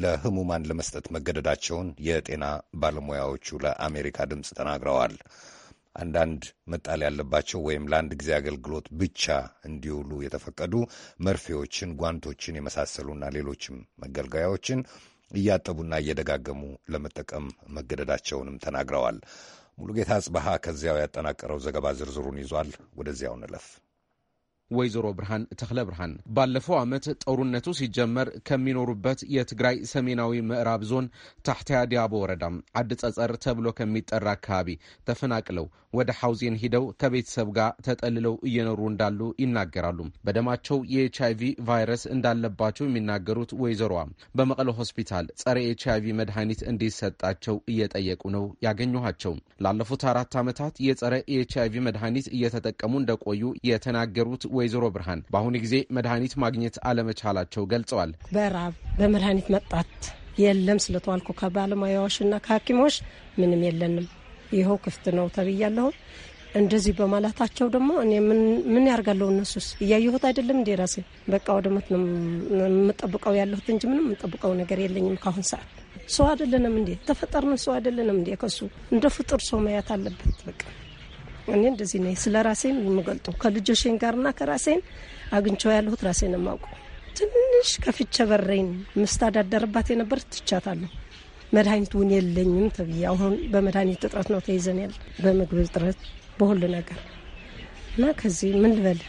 ለህሙማን ለመስጠት መገደዳቸውን የጤና ባለሙያዎቹ ለአሜሪካ ድምፅ ተናግረዋል። አንዳንድ መጣል ያለባቸው ወይም ለአንድ ጊዜ አገልግሎት ብቻ እንዲውሉ የተፈቀዱ መርፌዎችን፣ ጓንቶችን የመሳሰሉና ሌሎችም መገልገያዎችን እያጠቡና እየደጋገሙ ለመጠቀም መገደዳቸውንም ተናግረዋል። ሙሉጌታ አጽበሃ ከዚያው ያጠናቀረው ዘገባ ዝርዝሩን ይዟል። ወደዚያው እንለፍ። ወይዘሮ ብርሃን ተክለ ብርሃን ባለፈው ዓመት ጦርነቱ ሲጀመር ከሚኖሩበት የትግራይ ሰሜናዊ ምዕራብ ዞን ታሕተያ ዲያቦ ወረዳም ዓዲ ጸጸር ተብሎ ከሚጠራ አካባቢ ተፈናቅለው ወደ ሐውዜን ሂደው ከቤተሰብ ጋር ተጠልለው እየኖሩ እንዳሉ ይናገራሉ። በደማቸው የኤች አይቪ ቫይረስ እንዳለባቸው የሚናገሩት ወይዘሮዋ በመቀለ ሆስፒታል ጸረ ኤች አይቪ መድኃኒት እንዲሰጣቸው እየጠየቁ ነው ያገኘኋቸው። ላለፉት አራት ዓመታት የጸረ ኤች አይቪ መድኃኒት እየተጠቀሙ እንደቆዩ የተናገሩት ወይዘሮ ብርሃን በአሁኑ ጊዜ መድኃኒት ማግኘት አለመቻላቸው ገልጸዋል። በራብ በመድኃኒት መጣት የለም ስለተዋልኩ ና ከሐኪሞች ምንም የለንም ይኸው ክፍት ነው ተብያለሁ እንደዚህ በማለታቸው ደግሞ እኔ ምን ያርጋለሁ? እነሱስ እያየሁት አይደለም እንዴ? ራሴ በቃ ወደ ሞት ነው የምጠብቀው ያለሁት እንጂ ምንም የምጠብቀው ነገር የለኝም ካሁን ሰዓት። ሰው አይደለንም እንዴ? ተፈጠርን ሰው አይደለንም እንዴ? ከሱ እንደ ፍጡር ሰው ማየት አለበት። በቃ እኔ እንደዚህ ነኝ። ስለ ራሴን የምገልጠው ከልጆቼን ጋርና ከራሴን አግኝቼው ያለሁት ራሴን የማውቀው ትንሽ ከፍቼ በረኝ ምስታዳደርባት የነበር ትቻታለሁ መድኃኒቱን የለኝም ተብዬ አሁን በመድኃኒት እጥረት ነው ተይዘን ያለ በምግብ እጥረት በሁሉ ነገር እና ከዚህ ምን ልበል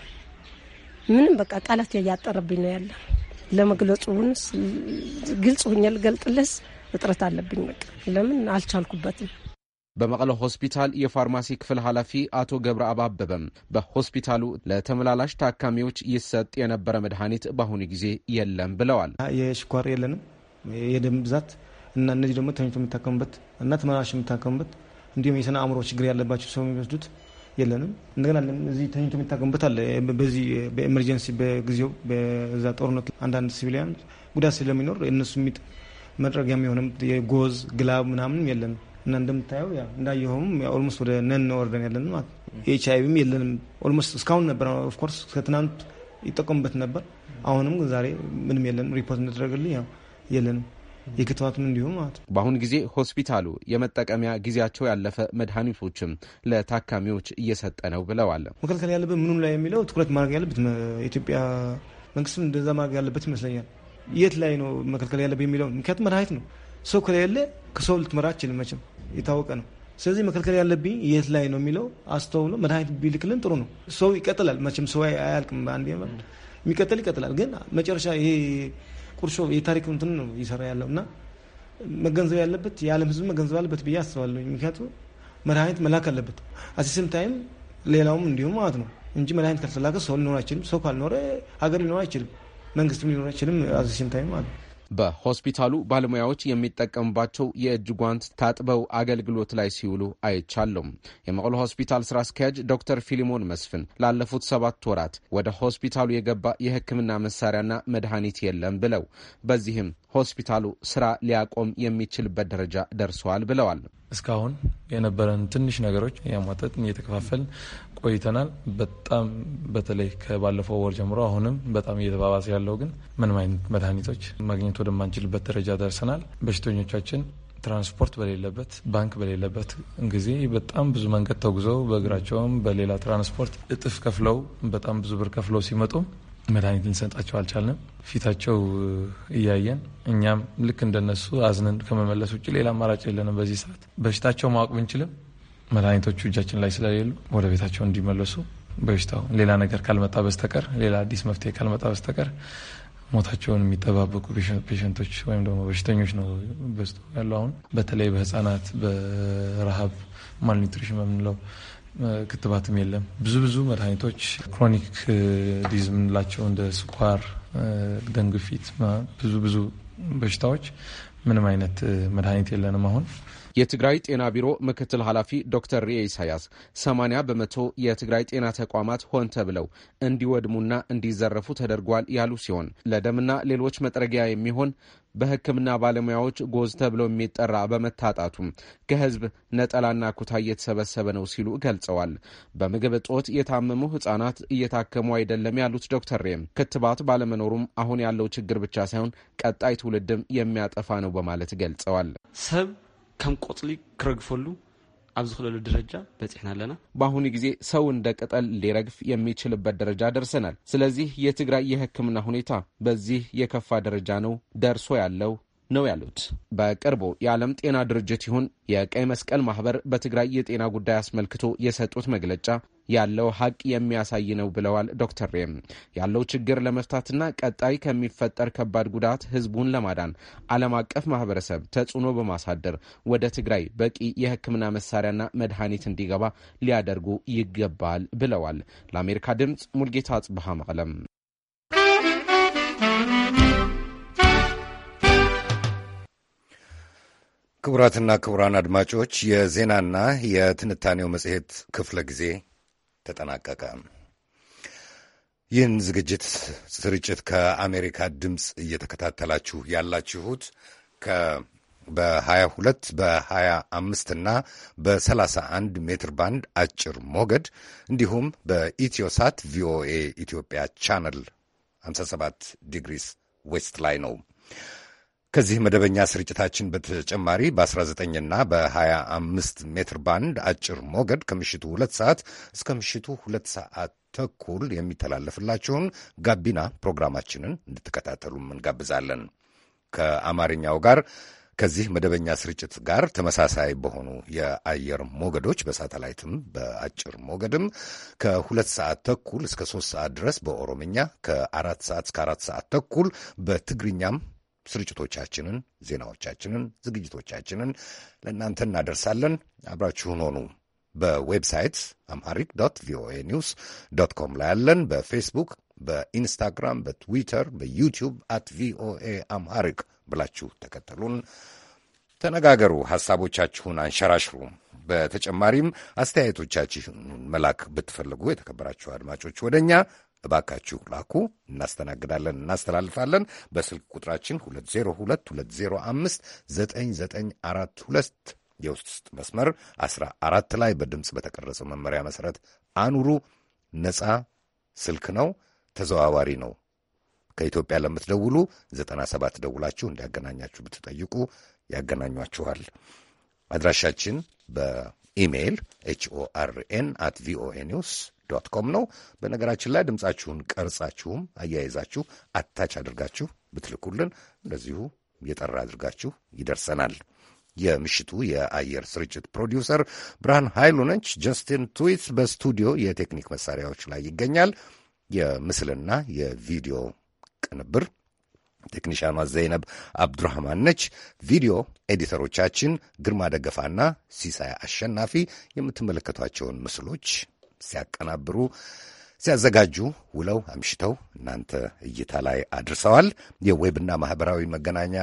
ምንም በቃ ቃላት እያጠረብኝ ነው ያለ ለመግለጹን ግልጽ ሁኜ ልገልጥልስ እጥረት አለብኝ። በቃ ለምን አልቻልኩበትም። በመቀለ ሆስፒታል የፋርማሲ ክፍል ኃላፊ አቶ ገብረ አባበበም በሆስፒታሉ ለተመላላሽ ታካሚዎች ይሰጥ የነበረ መድኃኒት በአሁኑ ጊዜ የለም ብለዋል። የስኳር የለንም፣ የደም ብዛት እና እነዚህ ደግሞ ተኝቶ የሚታከሙበት እና ተመላሽ የሚታከሙበት እንዲሁም የስነ አእምሮ ችግር ያለባቸው ሰው የሚወስዱት የለንም። እንደገና እዚህ ተኝቶ የሚታከምበት አለ። በዚህ በኤመርጀንሲ በጊዜው በዛ ጦርነት አንዳንድ ሲቪሊያን ጉዳት ስለሚኖር እነሱ የሚጥ መድረግ የሚሆንም የጎዝ ግላብ ምናምንም የለንም እና እንደምታየው እንዳየኸውም ኦልሞስት ወደ ነን ወርደን ያለን ማለት ኤች አይቪም የለንም። ኦልሞስት እስካሁን ነበር ኦፍኮርስ ከትናንት ይጠቀሙበት ነበር። አሁንም ዛሬ ምንም የለንም። ሪፖርት እንደተደረገልኝ ያው የለንም። የክትባቱን እንዲሁም ማለት ነው። በአሁኑ ጊዜ ሆስፒታሉ የመጠቀሚያ ጊዜያቸው ያለፈ መድኃኒቶችም ለታካሚዎች እየሰጠ ነው ብለዋል። መከልከል ያለበት ምኑም ላይ የሚለው ትኩረት ማድረግ ያለበት ኢትዮጵያ መንግስትም እንደዛ ማድረግ ያለበት ይመስለኛል። የት ላይ ነው መከልከል ያለበት የሚለው ምክንያቱም መድኃኒት ነው። ሰው ከሌለ ከሰው ልትመራ አትችልም፣ መቼም የታወቀ ነው። ስለዚህ መከልከል ያለብኝ የት ላይ ነው የሚለው አስተውሎ መድኃኒት ቢልክልን ጥሩ ነው። ሰው ይቀጥላል፣ መቼም ሰው አያልቅም። አንድ የሚቀጥል ይቀጥላል። ግን መጨረሻ ይሄ ቁርሾ የታሪክ እንትን ነው እየሰራ ያለው እና መገንዘብ ያለበት የዓለም ህዝብ መገንዘብ አለበት ብዬ አስባለሁ። ምክንያቱ መድኃኒት መላክ አለበት አሲስም ታይም ሌላውም እንዲሁም ማለት ነው እንጂ መድኃኒት ካልተላከ ሰው ሊኖር አይችልም። ሰው ካልኖረ ሀገር ሊኖር አይችልም። መንግስትም ሊኖር አይችልም። አሲስም ታይም ማለት ነው። በሆስፒታሉ ባለሙያዎች የሚጠቀሙባቸው የእጅ ጓንት ታጥበው አገልግሎት ላይ ሲውሉ አይቻለም። የመቀለ ሆስፒታል ስራ አስኪያጅ ዶክተር ፊሊሞን መስፍን ላለፉት ሰባት ወራት ወደ ሆስፒታሉ የገባ የሕክምና መሳሪያና መድኃኒት የለም ብለው በዚህም ሆስፒታሉ ስራ ሊያቆም የሚችልበት ደረጃ ደርሰዋል ብለዋል። እስካሁን የነበረን ትንሽ ነገሮች ያሟጠጥን እየተከፋፈል ቆይተናል። በጣም በተለይ ከባለፈው ወር ጀምሮ አሁንም በጣም እየተባባሰ ያለው ግን ምንም አይነት መድኃኒቶች ማግኘት ወደማንችልበት ደረጃ ደርሰናል። በሽተኞቻችን ትራንስፖርት በሌለበት ባንክ በሌለበት ጊዜ በጣም ብዙ መንገድ ተጉዘው በእግራቸውም በሌላ ትራንስፖርት እጥፍ ከፍለው በጣም ብዙ ብር ከፍለው ሲመጡ መድኃኒት ልንሰጣቸው አልቻልንም። ፊታቸው እያየን እኛም ልክ እንደነሱ አዝነን ከመመለስ ውጭ ሌላ አማራጭ የለንም። በዚህ ሰዓት በሽታቸው ማወቅ ብንችልም መድኃኒቶቹ እጃችን ላይ ስለሌሉ ወደ ቤታቸው እንዲመለሱ በሽታው ሌላ ነገር ካልመጣ በስተቀር ሌላ አዲስ መፍትሄ ካልመጣ በስተቀር ሞታቸውን የሚጠባበቁ ፔሸንቶች ወይም ደግሞ በሽተኞች ነው በዝቶ ያለው። አሁን በተለይ በህጻናት በረሃብ ማልኒትሪሽን በምንለው ክትባትም የለም። ብዙ ብዙ መድኃኒቶች ክሮኒክ ዲዝ ምንላቸው እንደ ስኳር፣ ደም ግፊት፣ ብዙ ብዙ በሽታዎች ምንም አይነት መድኃኒት የለንም አሁን የትግራይ ጤና ቢሮ ምክትል ኃላፊ ዶክተር ሪኤ ኢሳያስ 80 በመቶ የትግራይ ጤና ተቋማት ሆን ተብለው እንዲወድሙና እንዲዘረፉ ተደርጓል ያሉ ሲሆን ለደምና ሌሎች መጥረጊያ የሚሆን በሕክምና ባለሙያዎች ጎዝ ተብሎ የሚጠራ በመታጣቱ ከህዝብ ነጠላና ኩታ እየተሰበሰበ ነው ሲሉ ገልጸዋል። በምግብ እጦት የታመሙ ህጻናት እየታከሙ አይደለም ያሉት ዶክተር ሬም ክትባት ባለመኖሩም አሁን ያለው ችግር ብቻ ሳይሆን ቀጣይ ትውልድም የሚያጠፋ ነው በማለት ገልጸዋል። ሰብ ከም ቆጽሊ ክረግፈሉ ኣብ ዝኽእለሉ ደረጃ በፂሕና ኣለና በአሁኑ ጊዜ ሰው እንደ ቅጠል ሊረግፍ የሚችልበት ደረጃ ደርሰናል። ስለዚህ የትግራይ የህክምና ሁኔታ በዚህ የከፋ ደረጃ ነው ደርሶ ያለው ነው ያሉት። በቅርቡ የዓለም ጤና ድርጅት ይሁን የቀይ መስቀል ማህበር በትግራይ የጤና ጉዳይ አስመልክቶ የሰጡት መግለጫ ያለው ሀቅ የሚያሳይ ነው ብለዋል። ዶክተር ሬም ያለው ችግር ለመፍታትና ቀጣይ ከሚፈጠር ከባድ ጉዳት ህዝቡን ለማዳን ዓለም አቀፍ ማህበረሰብ ተጽዕኖ በማሳደር ወደ ትግራይ በቂ የህክምና መሳሪያና መድኃኒት እንዲገባ ሊያደርጉ ይገባል ብለዋል። ለአሜሪካ ድምፅ ሙልጌታ አጽብሃ መቀለም ክቡራትና ክቡራን አድማጮች የዜናና የትንታኔው መጽሔት ክፍለ ጊዜ ተጠናቀቀ። ይህን ዝግጅት ስርጭት ከአሜሪካ ድምፅ እየተከታተላችሁ ያላችሁት በ22 በ25 እና በ31 ሜትር ባንድ አጭር ሞገድ እንዲሁም በኢትዮሳት ቪኦኤ ኢትዮጵያ ቻነል 57 ዲግሪስ ዌስት ላይ ነው። ከዚህ መደበኛ ስርጭታችን በተጨማሪ በ19ና በ25 ሜትር ባንድ አጭር ሞገድ ከምሽቱ ሁለት ሰዓት እስከ ምሽቱ ሁለት ሰዓት ተኩል የሚተላለፍላችሁን ጋቢና ፕሮግራማችንን እንድትከታተሉም እንጋብዛለን። ከአማርኛው ጋር ከዚህ መደበኛ ስርጭት ጋር ተመሳሳይ በሆኑ የአየር ሞገዶች በሳተላይትም በአጭር ሞገድም ከሁለት ሰዓት ተኩል እስከ ሶስት ሰዓት ድረስ በኦሮምኛ ከአራት ሰዓት እስከ አራት ሰዓት ተኩል በትግርኛም ስርጭቶቻችንን፣ ዜናዎቻችንን፣ ዝግጅቶቻችንን ለእናንተ እናደርሳለን። አብራችሁን ሆኑ። በዌብሳይት አምሃሪክ ዶት ቪኦኤ ኒውስ ዶት ኮም ላይ ያለን፣ በፌስቡክ፣ በኢንስታግራም፣ በትዊተር፣ በዩቲዩብ አት ቪኦኤ አምሃሪክ ብላችሁ ተከተሉን፣ ተነጋገሩ፣ ሐሳቦቻችሁን አንሸራሽሩ። በተጨማሪም አስተያየቶቻችሁን መላክ ብትፈልጉ የተከበራችሁ አድማጮች ወደ እኛ እባካችሁ ላኩ። እናስተናግዳለን፣ እናስተላልፋለን። በስልክ ቁጥራችን 2022059942 የውስጥ መስመር 14 ላይ በድምፅ በተቀረጸው መመሪያ መሰረት አኑሩ። ነፃ ስልክ ነው፣ ተዘዋዋሪ ነው። ከኢትዮጵያ ለምትደውሉ 97 ደውላችሁ እንዲያገናኛችሁ ብትጠይቁ ያገናኟችኋል። አድራሻችን በኢሜይል ኤችኦአርኤን አት ቪኦኤ ኒውስ ዶት ኮም ነው። በነገራችን ላይ ድምፃችሁን ቀርጻችሁም አያይዛችሁ አታች አድርጋችሁ ብትልኩልን እንደዚሁ የጠራ አድርጋችሁ ይደርሰናል። የምሽቱ የአየር ስርጭት ፕሮዲውሰር ብርሃን ኃይሉ ነች። ጀስቲን ትዊት በስቱዲዮ የቴክኒክ መሳሪያዎች ላይ ይገኛል። የምስልና የቪዲዮ ቅንብር ቴክኒሻኗ ዘይነብ አብዱራህማን ነች። ቪዲዮ ኤዲተሮቻችን ግርማ ደገፋና ሲሳይ አሸናፊ። የምትመለከቷቸውን ምስሎች ሲያቀናብሩ ሲያዘጋጁ ውለው አምሽተው እናንተ እይታ ላይ አድርሰዋል። የዌብና ማህበራዊ መገናኛ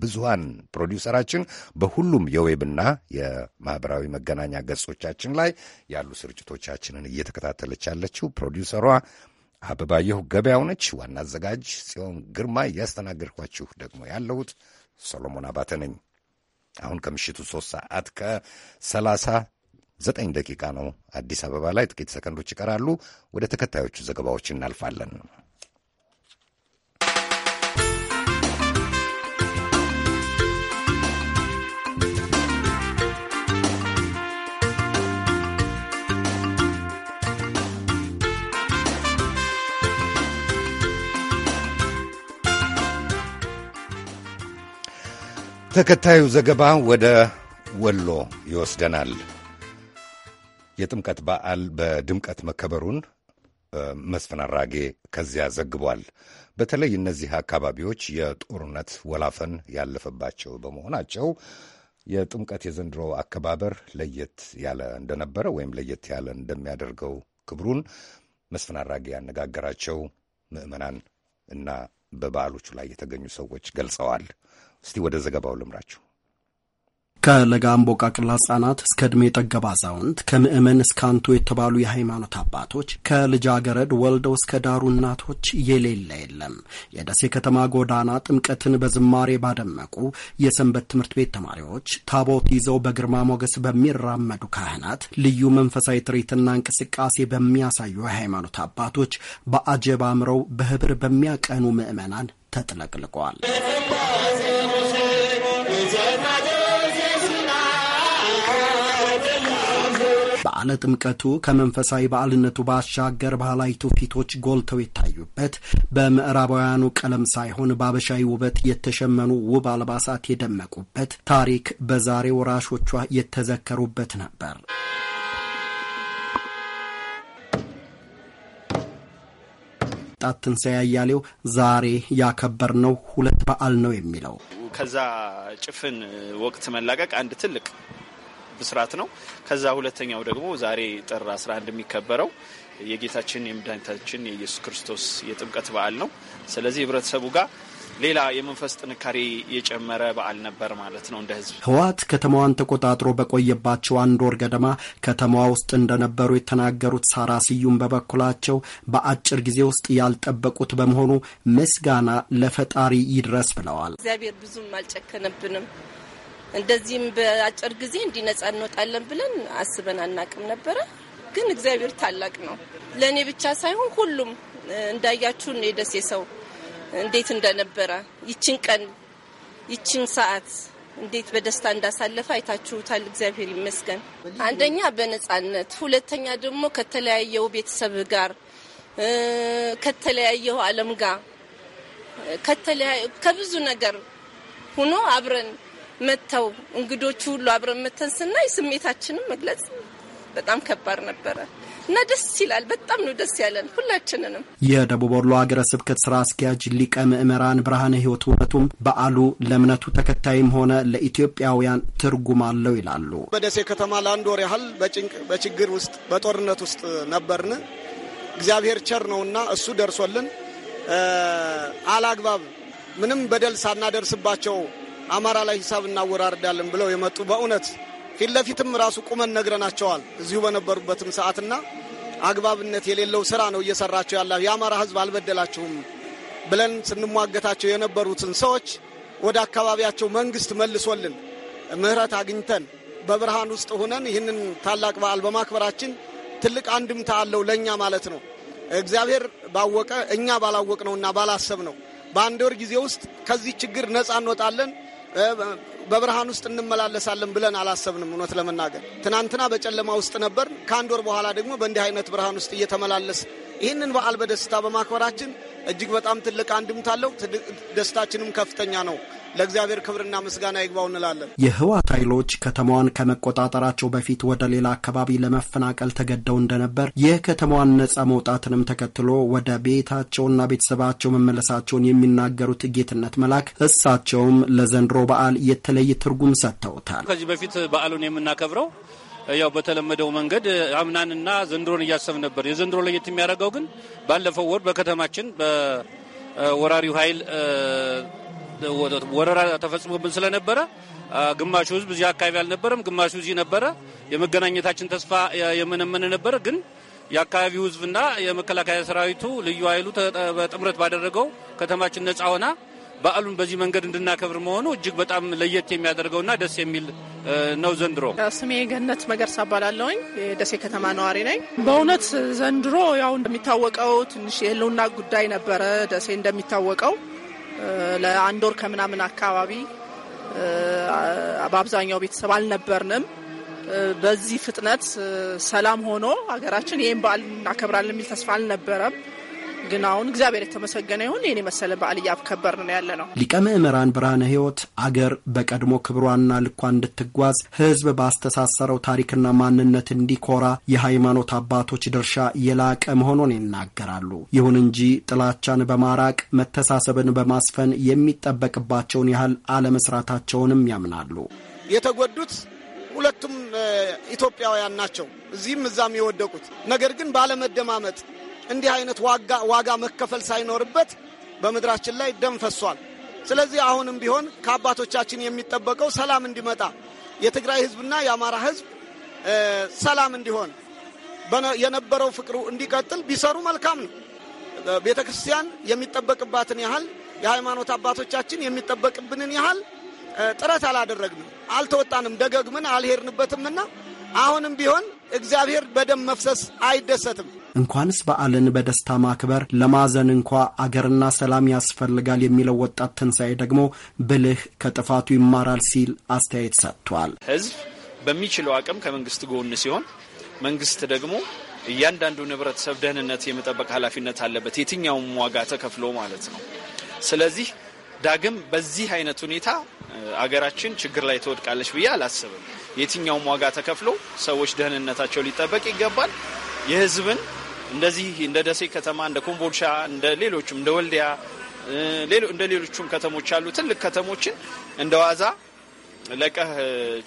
ብዙሃን ፕሮዲውሰራችን በሁሉም የዌብና የማህበራዊ መገናኛ ገጾቻችን ላይ ያሉ ስርጭቶቻችንን እየተከታተለች ያለችው ፕሮዲውሰሯ አበባየሁ ገበያው ነች። ዋና አዘጋጅ ጽዮን ግርማ፣ እያስተናገድኳችሁ ደግሞ ያለሁት ሰሎሞን አባተ ነኝ። አሁን ከምሽቱ ሶስት ሰዓት ከሰላሳ ዘጠኝ ደቂቃ ነው አዲስ አበባ ላይ። ጥቂት ሰከንዶች ይቀራሉ። ወደ ተከታዮቹ ዘገባዎች እናልፋለን። ተከታዩ ዘገባ ወደ ወሎ ይወስደናል። የጥምቀት በዓል በድምቀት መከበሩን መስፍን አራጌ ከዚያ ዘግቧል። በተለይ እነዚህ አካባቢዎች የጦርነት ወላፈን ያለፈባቸው በመሆናቸው የጥምቀት የዘንድሮ አከባበር ለየት ያለ እንደነበረ ወይም ለየት ያለ እንደሚያደርገው ክብሩን መስፍን አራጌ ያነጋገራቸው ምዕመናን እና በበዓሎቹ ላይ የተገኙ ሰዎች ገልጸዋል። እስቲ ወደ ዘገባው ልምራችሁ። ከለጋምቦ ቃቅላ ህጻናት እስከ ዕድሜ ጠገብ አዛውንት ከምዕመን እስከ አንቱ የተባሉ የሃይማኖት አባቶች ከልጃገረድ ወልደው እስከ ዳሩ እናቶች የሌለ የለም። የደሴ ከተማ ጎዳና ጥምቀትን በዝማሬ ባደመቁ የሰንበት ትምህርት ቤት ተማሪዎች፣ ታቦት ይዘው በግርማ ሞገስ በሚራመዱ ካህናት፣ ልዩ መንፈሳዊ ትርኢትና እንቅስቃሴ በሚያሳዩ የሃይማኖት አባቶች፣ በአጀብ አምረው በህብር በሚያቀኑ ምዕመናን ተጥለቅልቋል። መባነ ጥምቀቱ ከመንፈሳዊ በዓልነቱ ባሻገር ባህላዊ ትውፊቶች ጎልተው የታዩበት በምዕራባውያኑ ቀለም ሳይሆን በአበሻዊ ውበት የተሸመኑ ውብ አልባሳት የደመቁበት ታሪክ በዛሬ ወራሾቿ የተዘከሩበት ነበር። ወጣት ትንሣኤ አያሌው ዛሬ ያከበርነው ሁለት በዓል ነው የሚለው ከዛ ጭፍን ወቅት መላቀቅ አንድ ትልቅ ብስራት ነው። ከዛ ሁለተኛው ደግሞ ዛሬ ጥር 11 የሚከበረው የጌታችን የመድኃኒታችን የኢየሱስ ክርስቶስ የጥምቀት በዓል ነው። ስለዚህ ህብረተሰቡ ጋር ሌላ የመንፈስ ጥንካሬ የጨመረ በዓል ነበር ማለት ነው። እንደ ህዝብ ህወሓት ከተማዋን ተቆጣጥሮ በቆየባቸው አንድ ወር ገደማ ከተማዋ ውስጥ እንደነበሩ የተናገሩት ሳራ ስዩም በበኩላቸው በአጭር ጊዜ ውስጥ ያልጠበቁት በመሆኑ ምስጋና ለፈጣሪ ይድረስ ብለዋል። እግዚአብሔር ብዙም አልጨከነብንም። እንደዚህም በአጭር ጊዜ እንዲነጻ እንወጣለን ብለን አስበን አናቅም ነበረ። ግን እግዚአብሔር ታላቅ ነው። ለእኔ ብቻ ሳይሆን ሁሉም እንዳያችሁን የደሴ ሰው እንዴት እንደነበረ ይችን ቀን ይችን ሰዓት እንዴት በደስታ እንዳሳለፈ አይታችሁታል። እግዚአብሔር ይመስገን። አንደኛ በነጻነት፣ ሁለተኛ ደግሞ ከተለያየው ቤተሰብ ጋር ከተለያየው ዓለም ጋር ከብዙ ነገር ሁኖ አብረን መጥተው እንግዶቹ ሁሉ አብረን መተን ስናይ ስሜታችንም መግለጽ በጣም ከባድ ነበረ እና ደስ ይላል። በጣም ነው ደስ ያለን ሁላችንንም። የደቡብ ወሎ ሀገረ ስብከት ስራ አስኪያጅ ሊቀ ምዕመራን ብርሃነ ህይወት ውበቱም በዓሉ ለእምነቱ ተከታይም ሆነ ለኢትዮጵያውያን ትርጉም አለው ይላሉ። በደሴ ከተማ ለአንድ ወር ያህል በጭንቅ በችግር ውስጥ በጦርነት ውስጥ ነበርን። እግዚአብሔር ቸር ነውና እሱ ደርሶልን አላግባብ ምንም በደል ሳናደርስባቸው አማራ ላይ ሂሳብ እናወራርዳለን ብለው የመጡ በእውነት ፊት ለፊትም ራሱ ቁመን ነግረናቸዋል። እዚሁ በነበሩበትም ሰዓትና አግባብነት የሌለው ስራ ነው እየሰራቸው ያላ የአማራ ህዝብ አልበደላችሁም ብለን ስንሟገታቸው የነበሩትን ሰዎች ወደ አካባቢያቸው መንግስት መልሶልን ምህረት አግኝተን በብርሃን ውስጥ ሆነን ይህንን ታላቅ በዓል በማክበራችን ትልቅ አንድምታ አለው ለእኛ ማለት ነው። እግዚአብሔር ባወቀ እኛ ባላወቅ ነውና ባላሰብ ነው። በአንድ ወር ጊዜ ውስጥ ከዚህ ችግር ነፃ እንወጣለን በብርሃን ውስጥ እንመላለሳለን ብለን አላሰብንም። እውነት ለመናገር ትናንትና በጨለማ ውስጥ ነበር። ከአንድ ወር በኋላ ደግሞ በእንዲህ አይነት ብርሃን ውስጥ እየተመላለስ ይህንን በዓል በደስታ በማክበራችን እጅግ በጣም ትልቅ አንድምታ አለው። ደስታችንም ከፍተኛ ነው። ለእግዚአብሔር ክብርና ምስጋና ይግባው እንላለን። የህወሓት ኃይሎች ከተማዋን ከመቆጣጠራቸው በፊት ወደ ሌላ አካባቢ ለመፈናቀል ተገደው እንደነበር የከተማዋን ነጻ መውጣትንም ተከትሎ ወደ ቤታቸውና ቤተሰባቸው መመለሳቸውን የሚናገሩት ጌትነት መላክ፣ እሳቸውም ለዘንድሮ በዓል የተለየ ትርጉም ሰጥተውታል። ከዚህ በፊት በዓሉን የምናከብረው ያው በተለመደው መንገድ አምናንና ዘንድሮን እያሰብ ነበር። የዘንድሮ ለየት የሚያደርገው ግን ባለፈው ወር በከተማችን በወራሪው ኃይል ወረራ ተፈጽሞብን ስለነበረ ግማሹ ህዝብ እዚህ አካባቢ አልነበረም፣ ግማሹ እዚህ ነበረ። የመገናኘታችን ተስፋ የመነመነ ነበረ። ግን የአካባቢው ህዝብና የመከላከያ ሰራዊቱ ልዩ ኃይሉ በጥምረት ባደረገው ከተማችን ነጻ ሆና በዓሉን በዚህ መንገድ እንድናከብር መሆኑ እጅግ በጣም ለየት የሚያደርገውና ደስ የሚል ነው። ዘንድሮ ስሜ ገነት መገርሳ እባላለሁኝ። የደሴ ከተማ ነዋሪ ነኝ። በእውነት ዘንድሮ ያው እንደሚታወቀው ትንሽ የህልውና ጉዳይ ነበረ ደሴ እንደሚታወቀው ለአንድ ወር ከምናምን አካባቢ በአብዛኛው ቤተሰብ አልነበርንም። በዚህ ፍጥነት ሰላም ሆኖ ሀገራችን ይህም በዓል እናከብራለን የሚል ተስፋ አልነበረም። ግን አሁን እግዚአብሔር የተመሰገነ ይሁን ይህን የመሰለ በዓል እያከበር ነው ያለ ነው። ሊቀ ምዕመራን ብርሃነ ሕይወት አገር በቀድሞ ክብሯና ልኳ እንድትጓዝ ሕዝብ ባስተሳሰረው ታሪክና ማንነት እንዲኮራ የሃይማኖት አባቶች ድርሻ የላቀ መሆኑን ይናገራሉ። ይሁን እንጂ ጥላቻን በማራቅ መተሳሰብን በማስፈን የሚጠበቅባቸውን ያህል አለመስራታቸውንም ያምናሉ። የተጎዱት ሁለቱም ኢትዮጵያውያን ናቸው፣ እዚህም እዛም የወደቁት ነገር ግን ባለመደማመጥ እንዲህ አይነት ዋጋ መከፈል ሳይኖርበት በምድራችን ላይ ደም ፈሷል። ስለዚህ አሁንም ቢሆን ከአባቶቻችን የሚጠበቀው ሰላም እንዲመጣ የትግራይ ህዝብና የአማራ ህዝብ ሰላም እንዲሆን የነበረው ፍቅሩ እንዲቀጥል ቢሰሩ መልካም ነው። ቤተ ክርስቲያን የሚጠበቅባትን ያህል የሃይማኖት አባቶቻችን የሚጠበቅብንን ያህል ጥረት አላደረግንም፣ አልተወጣንም፣ ደገግምን አልሄድንበትምና አሁንም ቢሆን እግዚአብሔር በደም መፍሰስ አይደሰትም። እንኳንስ በዓልን በደስታ ማክበር ለማዘን እንኳ አገርና ሰላም ያስፈልጋል የሚለው ወጣት ትንሣኤ ደግሞ ብልህ ከጥፋቱ ይማራል ሲል አስተያየት ሰጥቷል። ህዝብ በሚችለው አቅም ከመንግስት ጎን ሲሆን መንግስት ደግሞ እያንዳንዱ ህብረተሰብ ደህንነት የመጠበቅ ኃላፊነት አለበት፣ የትኛውም ዋጋ ተከፍሎ ማለት ነው። ስለዚህ ዳግም በዚህ አይነት ሁኔታ አገራችን ችግር ላይ ትወድቃለች ብዬ አላስብም። የትኛውም ዋጋ ተከፍሎ ሰዎች ደህንነታቸው ሊጠበቅ ይገባል። የህዝብን እንደዚህ እንደ ደሴ ከተማ እንደ ኮምቦልቻ እንደ ሌሎችም እንደ ወልዲያ እንደ ሌሎቹም ከተሞች ያሉ ትልቅ ከተሞችን እንደ ዋዛ ለቀህ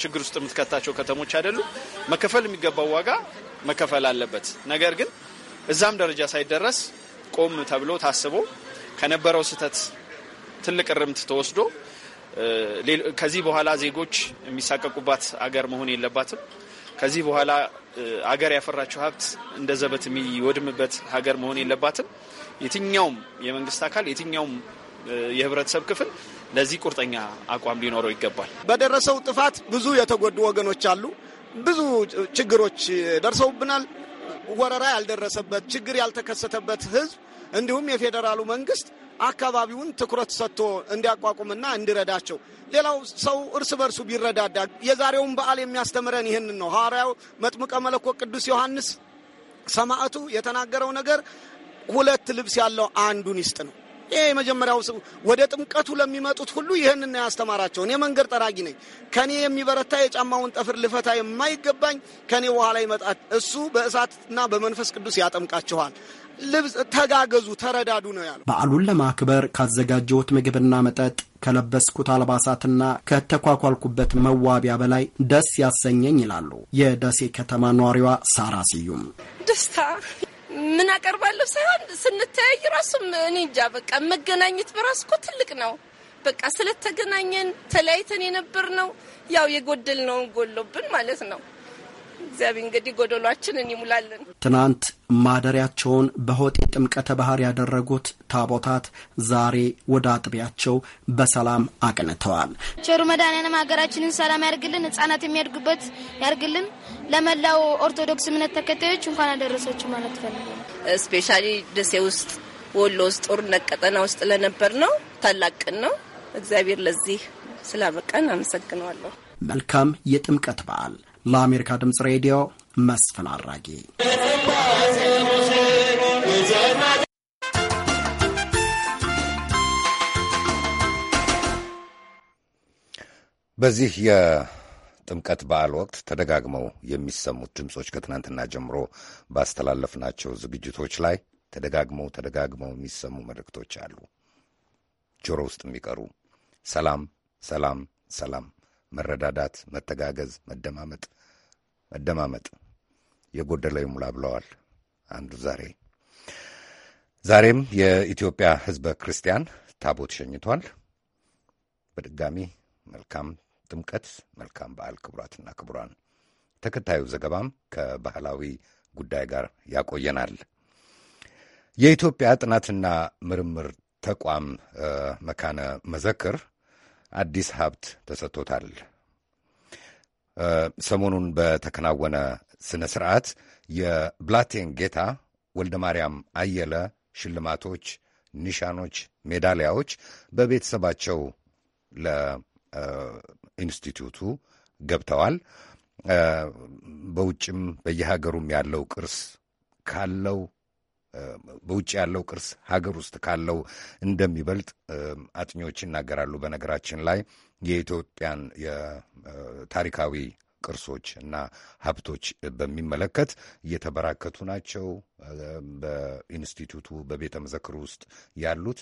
ችግር ውስጥ የምትከታቸው ከተሞች አይደሉም። መከፈል የሚገባው ዋጋ መከፈል አለበት። ነገር ግን እዛም ደረጃ ሳይደረስ ቆም ተብሎ ታስቦ ከነበረው ስህተት ትልቅ እርምት ተወስዶ ከዚህ በኋላ ዜጎች የሚሳቀቁባት አገር መሆን የለባትም። ከዚህ በኋላ አገር ያፈራችው ሀብት እንደ ዘበት የሚወድምበት ሀገር መሆን የለባትም። የትኛውም የመንግስት አካል የትኛውም የህብረተሰብ ክፍል ለዚህ ቁርጠኛ አቋም ሊኖረው ይገባል። በደረሰው ጥፋት ብዙ የተጎዱ ወገኖች አሉ። ብዙ ችግሮች ደርሰውብናል። ወረራ ያልደረሰበት ችግር ያልተከሰተበት ህዝብ እንዲሁም የፌዴራሉ መንግስት አካባቢውን ትኩረት ሰጥቶ እንዲያቋቁምና እንዲረዳቸው። ሌላው ሰው እርስ በርሱ ቢረዳዳ የዛሬውን በዓል የሚያስተምረን ይህን ነው። ሐዋርያው መጥምቀ መለኮት ቅዱስ ዮሐንስ ሰማዕቱ የተናገረው ነገር ሁለት ልብስ ያለው አንዱን ይስጥ ነው። ይሄ የመጀመሪያው ሰው ወደ ጥምቀቱ ለሚመጡት ሁሉ ይህን ነው ያስተማራቸው። እኔ መንገድ ጠራጊ ነኝ፣ ከኔ የሚበረታ የጫማውን ጠፍር ልፈታ የማይገባኝ ከኔ በኋላ ይመጣል፣ እሱ በእሳትና በመንፈስ ቅዱስ ያጠምቃችኋል። ልብስ ተጋገዙ፣ ተረዳዱ ነው ያለው። በዓሉን ለማክበር ካዘጋጀሁት ምግብና መጠጥ ከለበስኩት አልባሳትና ከተኳኳልኩበት መዋቢያ በላይ ደስ ያሰኘኝ ይላሉ የደሴ ከተማ ኗሪዋ ሳራ ስዩም። ደስታ ምን አቀርባለሁ ሳይሆን ስንተያይ ራሱም እኔ እንጃ በቃ መገናኘት በራሱ እኮ ትልቅ ነው። በቃ ስለተገናኘን ተለያይተን የነበር ነው ያው የጎደል ነው ጎሎብን ማለት ነው እግዚአብሔር እንግዲህ ጎደሏችንን ይሙላልን። ትናንት ማደሪያቸውን በሆጤ ጥምቀተ ባህር ያደረጉት ታቦታት ዛሬ ወደ አጥቢያቸው በሰላም አቅንተዋል። ቸሩ መድኃኔዓለም ሀገራችንን ሰላም ያርግልን፣ ህጻናት የሚያድጉበት ያርግልን። ለመላው ኦርቶዶክስ እምነት ተከታዮች እንኳን አደረሳችሁ ማለት ፈልጋለሁ። ስፔሻሊ ደሴ ውስጥ፣ ወሎ ውስጥ፣ ጦርነት ቀጠና ውስጥ ለነበር ነው ታላቅ ቀን ነው። እግዚአብሔር ለዚህ ስላበቃን አመሰግነዋለሁ። መልካም የጥምቀት በዓል ለአሜሪካ ድምፅ ሬዲዮ መስፍን አራጌ። በዚህ የጥምቀት በዓል ወቅት ተደጋግመው የሚሰሙት ድምፆች ከትናንትና ጀምሮ ባስተላለፍናቸው ዝግጅቶች ላይ ተደጋግመው ተደጋግመው የሚሰሙ መልእክቶች አሉ፣ ጆሮ ውስጥ የሚቀሩ ሰላም፣ ሰላም፣ ሰላም መረዳዳት፣ መተጋገዝ፣ መደማመጥ መደማመጥ የጎደለ ይሙላ ብለዋል አንዱ ዛሬ ዛሬም የኢትዮጵያ ሕዝበ ክርስቲያን ታቦት ሸኝቷል። በድጋሚ መልካም ጥምቀት፣ መልካም በዓል ክቡራትና ክቡራን። ተከታዩ ዘገባም ከባህላዊ ጉዳይ ጋር ያቆየናል። የኢትዮጵያ ጥናትና ምርምር ተቋም መካነ መዘክር አዲስ ሀብት ተሰጥቶታል። ሰሞኑን በተከናወነ ስነ ስርዓት የብላቴን ጌታ ወልደ ማርያም አየለ ሽልማቶች፣ ኒሻኖች፣ ሜዳሊያዎች በቤተሰባቸው ለኢንስቲትዩቱ ገብተዋል። በውጭም በየሀገሩም ያለው ቅርስ ካለው በውጭ ያለው ቅርስ ሀገር ውስጥ ካለው እንደሚበልጥ አጥኚዎች ይናገራሉ። በነገራችን ላይ የኢትዮጵያን የታሪካዊ ቅርሶች እና ሀብቶች በሚመለከት እየተበራከቱ ናቸው። በኢንስቲትዩቱ በቤተ መዘክር ውስጥ ያሉት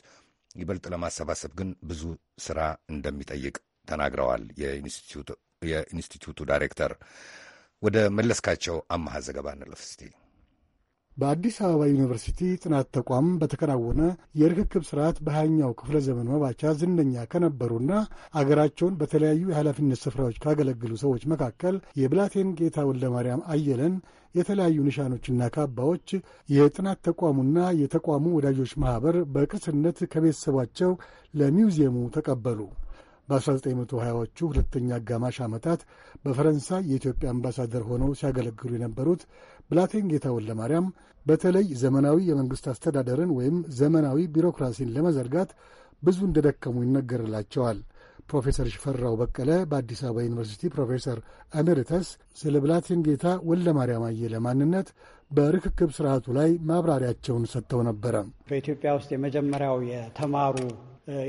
ይበልጥ ለማሰባሰብ ግን ብዙ ስራ እንደሚጠይቅ ተናግረዋል የኢንስቲትዩቱ ዳይሬክተር። ወደ መለስካቸው አማሃ ዘገባ እንለፍ እስቲ። በአዲስ አበባ ዩኒቨርሲቲ ጥናት ተቋም በተከናወነ የርክክብ ስርዓት በሃያኛው ክፍለ ዘመን መባቻ ዝነኛ ከነበሩና አገራቸውን በተለያዩ የኃላፊነት ስፍራዎች ካገለግሉ ሰዎች መካከል የብላቴን ጌታ ወልደ ማርያም አየለን የተለያዩ ንሻኖችና ካባዎች የጥናት ተቋሙና የተቋሙ ወዳጆች ማኅበር በቅርስነት ከቤተሰባቸው ለሚውዚየሙ ተቀበሉ። በ1920ዎቹ ሁለተኛ አጋማሽ ዓመታት በፈረንሳይ የኢትዮጵያ አምባሳደር ሆነው ሲያገለግሉ የነበሩት ብላቴን ወለ ማርያም በተለይ ዘመናዊ የመንግሥት አስተዳደርን ወይም ዘመናዊ ቢሮክራሲን ለመዘርጋት ብዙ እንደደከሙ ይነገርላቸዋል። ፕሮፌሰር ሽፈራው በቀለ በአዲስ አበባ ዩኒቨርሲቲ ፕሮፌሰር ኤሜሪተስ ስለ ብላቴን ጌታ ማርያም አየለ ማንነት በርክክብ ስርዓቱ ላይ ማብራሪያቸውን ሰጥተው ነበረ። በኢትዮጵያ ውስጥ የመጀመሪያው የተማሩ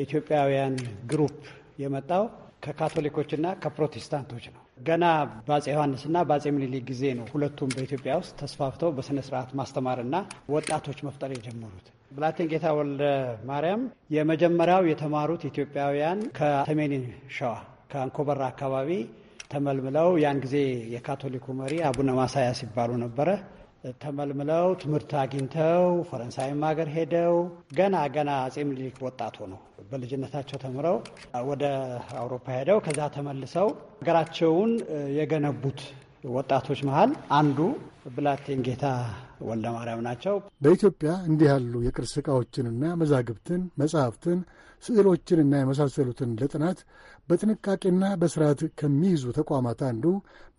ኢትዮጵያውያን ግሩፕ የመጣው ከካቶሊኮችና ከፕሮቴስታንቶች ነው። ገና በአጼ ዮሐንስና በአጼ ምኒልክ ጊዜ ነው ሁለቱም በኢትዮጵያ ውስጥ ተስፋፍተው በስነ ስርዓት ማስተማርና ወጣቶች መፍጠር የጀመሩት። ብላቴን ጌታ ወልደ ማርያም የመጀመሪያው የተማሩት ኢትዮጵያውያን ከሰሜን ሸዋ ከአንኮበራ አካባቢ ተመልምለው ያን ጊዜ የካቶሊኩ መሪ አቡነ ማሳያስ ይባሉ ነበረ። ተመልምለው ትምህርት አግኝተው ፈረንሳይም ሀገር ሄደው ገና ገና አጼ ምኒልክ ወጣት ሆነው በልጅነታቸው ተምረው ወደ አውሮፓ ሄደው ከዛ ተመልሰው ሀገራቸውን የገነቡት ወጣቶች መሀል አንዱ ብላቴን ጌታ ወልደ ማርያም ናቸው። በኢትዮጵያ እንዲህ ያሉ የቅርስ ዕቃዎችንና መዛግብትን፣ መጻሕፍትን፣ ስዕሎችንና የመሳሰሉትን ለጥናት በጥንቃቄና በስርዓት ከሚይዙ ተቋማት አንዱ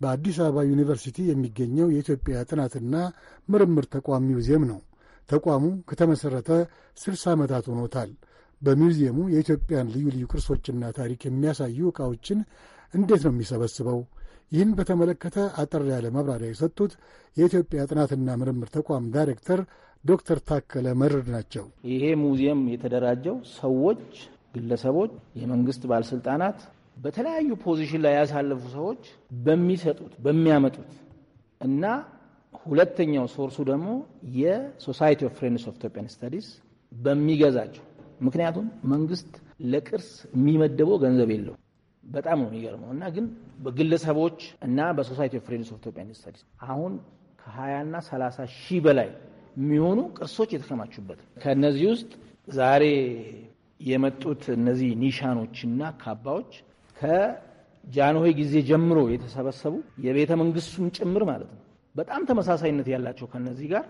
በአዲስ አበባ ዩኒቨርሲቲ የሚገኘው የኢትዮጵያ ጥናትና ምርምር ተቋም ሚውዚየም ነው። ተቋሙ ከተመሠረተ ስልሳ ዓመታት ሆኖታል። በሚውዚየሙ የኢትዮጵያን ልዩ ልዩ ቅርሶችና ታሪክ የሚያሳዩ ዕቃዎችን እንዴት ነው የሚሰበስበው? ይህን በተመለከተ አጠር ያለ ማብራሪያ የሰጡት የኢትዮጵያ ጥናትና ምርምር ተቋም ዳይሬክተር ዶክተር ታከለ መርድ ናቸው። ይሄ ሙዚየም የተደራጀው ሰዎች ግለሰቦች፣ የመንግስት ባለስልጣናት፣ በተለያዩ ፖዚሽን ላይ ያሳለፉ ሰዎች በሚሰጡት በሚያመጡት እና ሁለተኛው ሶርሱ ደግሞ የሶሳይቲ ኦፍ ፍሬንድስ ኦፍ ኢትዮጵያን ስታዲስ በሚገዛቸው ምክንያቱም መንግስት ለቅርስ የሚመደበው ገንዘብ የለው። በጣም ነው የሚገርመው እና ግን በግለሰቦች እና በሶሳይቲ ኦፍ ፍሬንድስ ኦፍ ኢትዮጵያን ስታዲስ አሁን ከሀያና ሰላሳ ሺህ በላይ የሚሆኑ ቅርሶች የተከማቹበት ከእነዚህ ውስጥ ዛሬ የመጡት እነዚህ ኒሻኖችና ካባዎች ከጃንሆይ ጊዜ ጀምሮ የተሰበሰቡ የቤተ መንግስቱም ጭምር ማለት ነው። በጣም ተመሳሳይነት ያላቸው ከነዚህ ጋር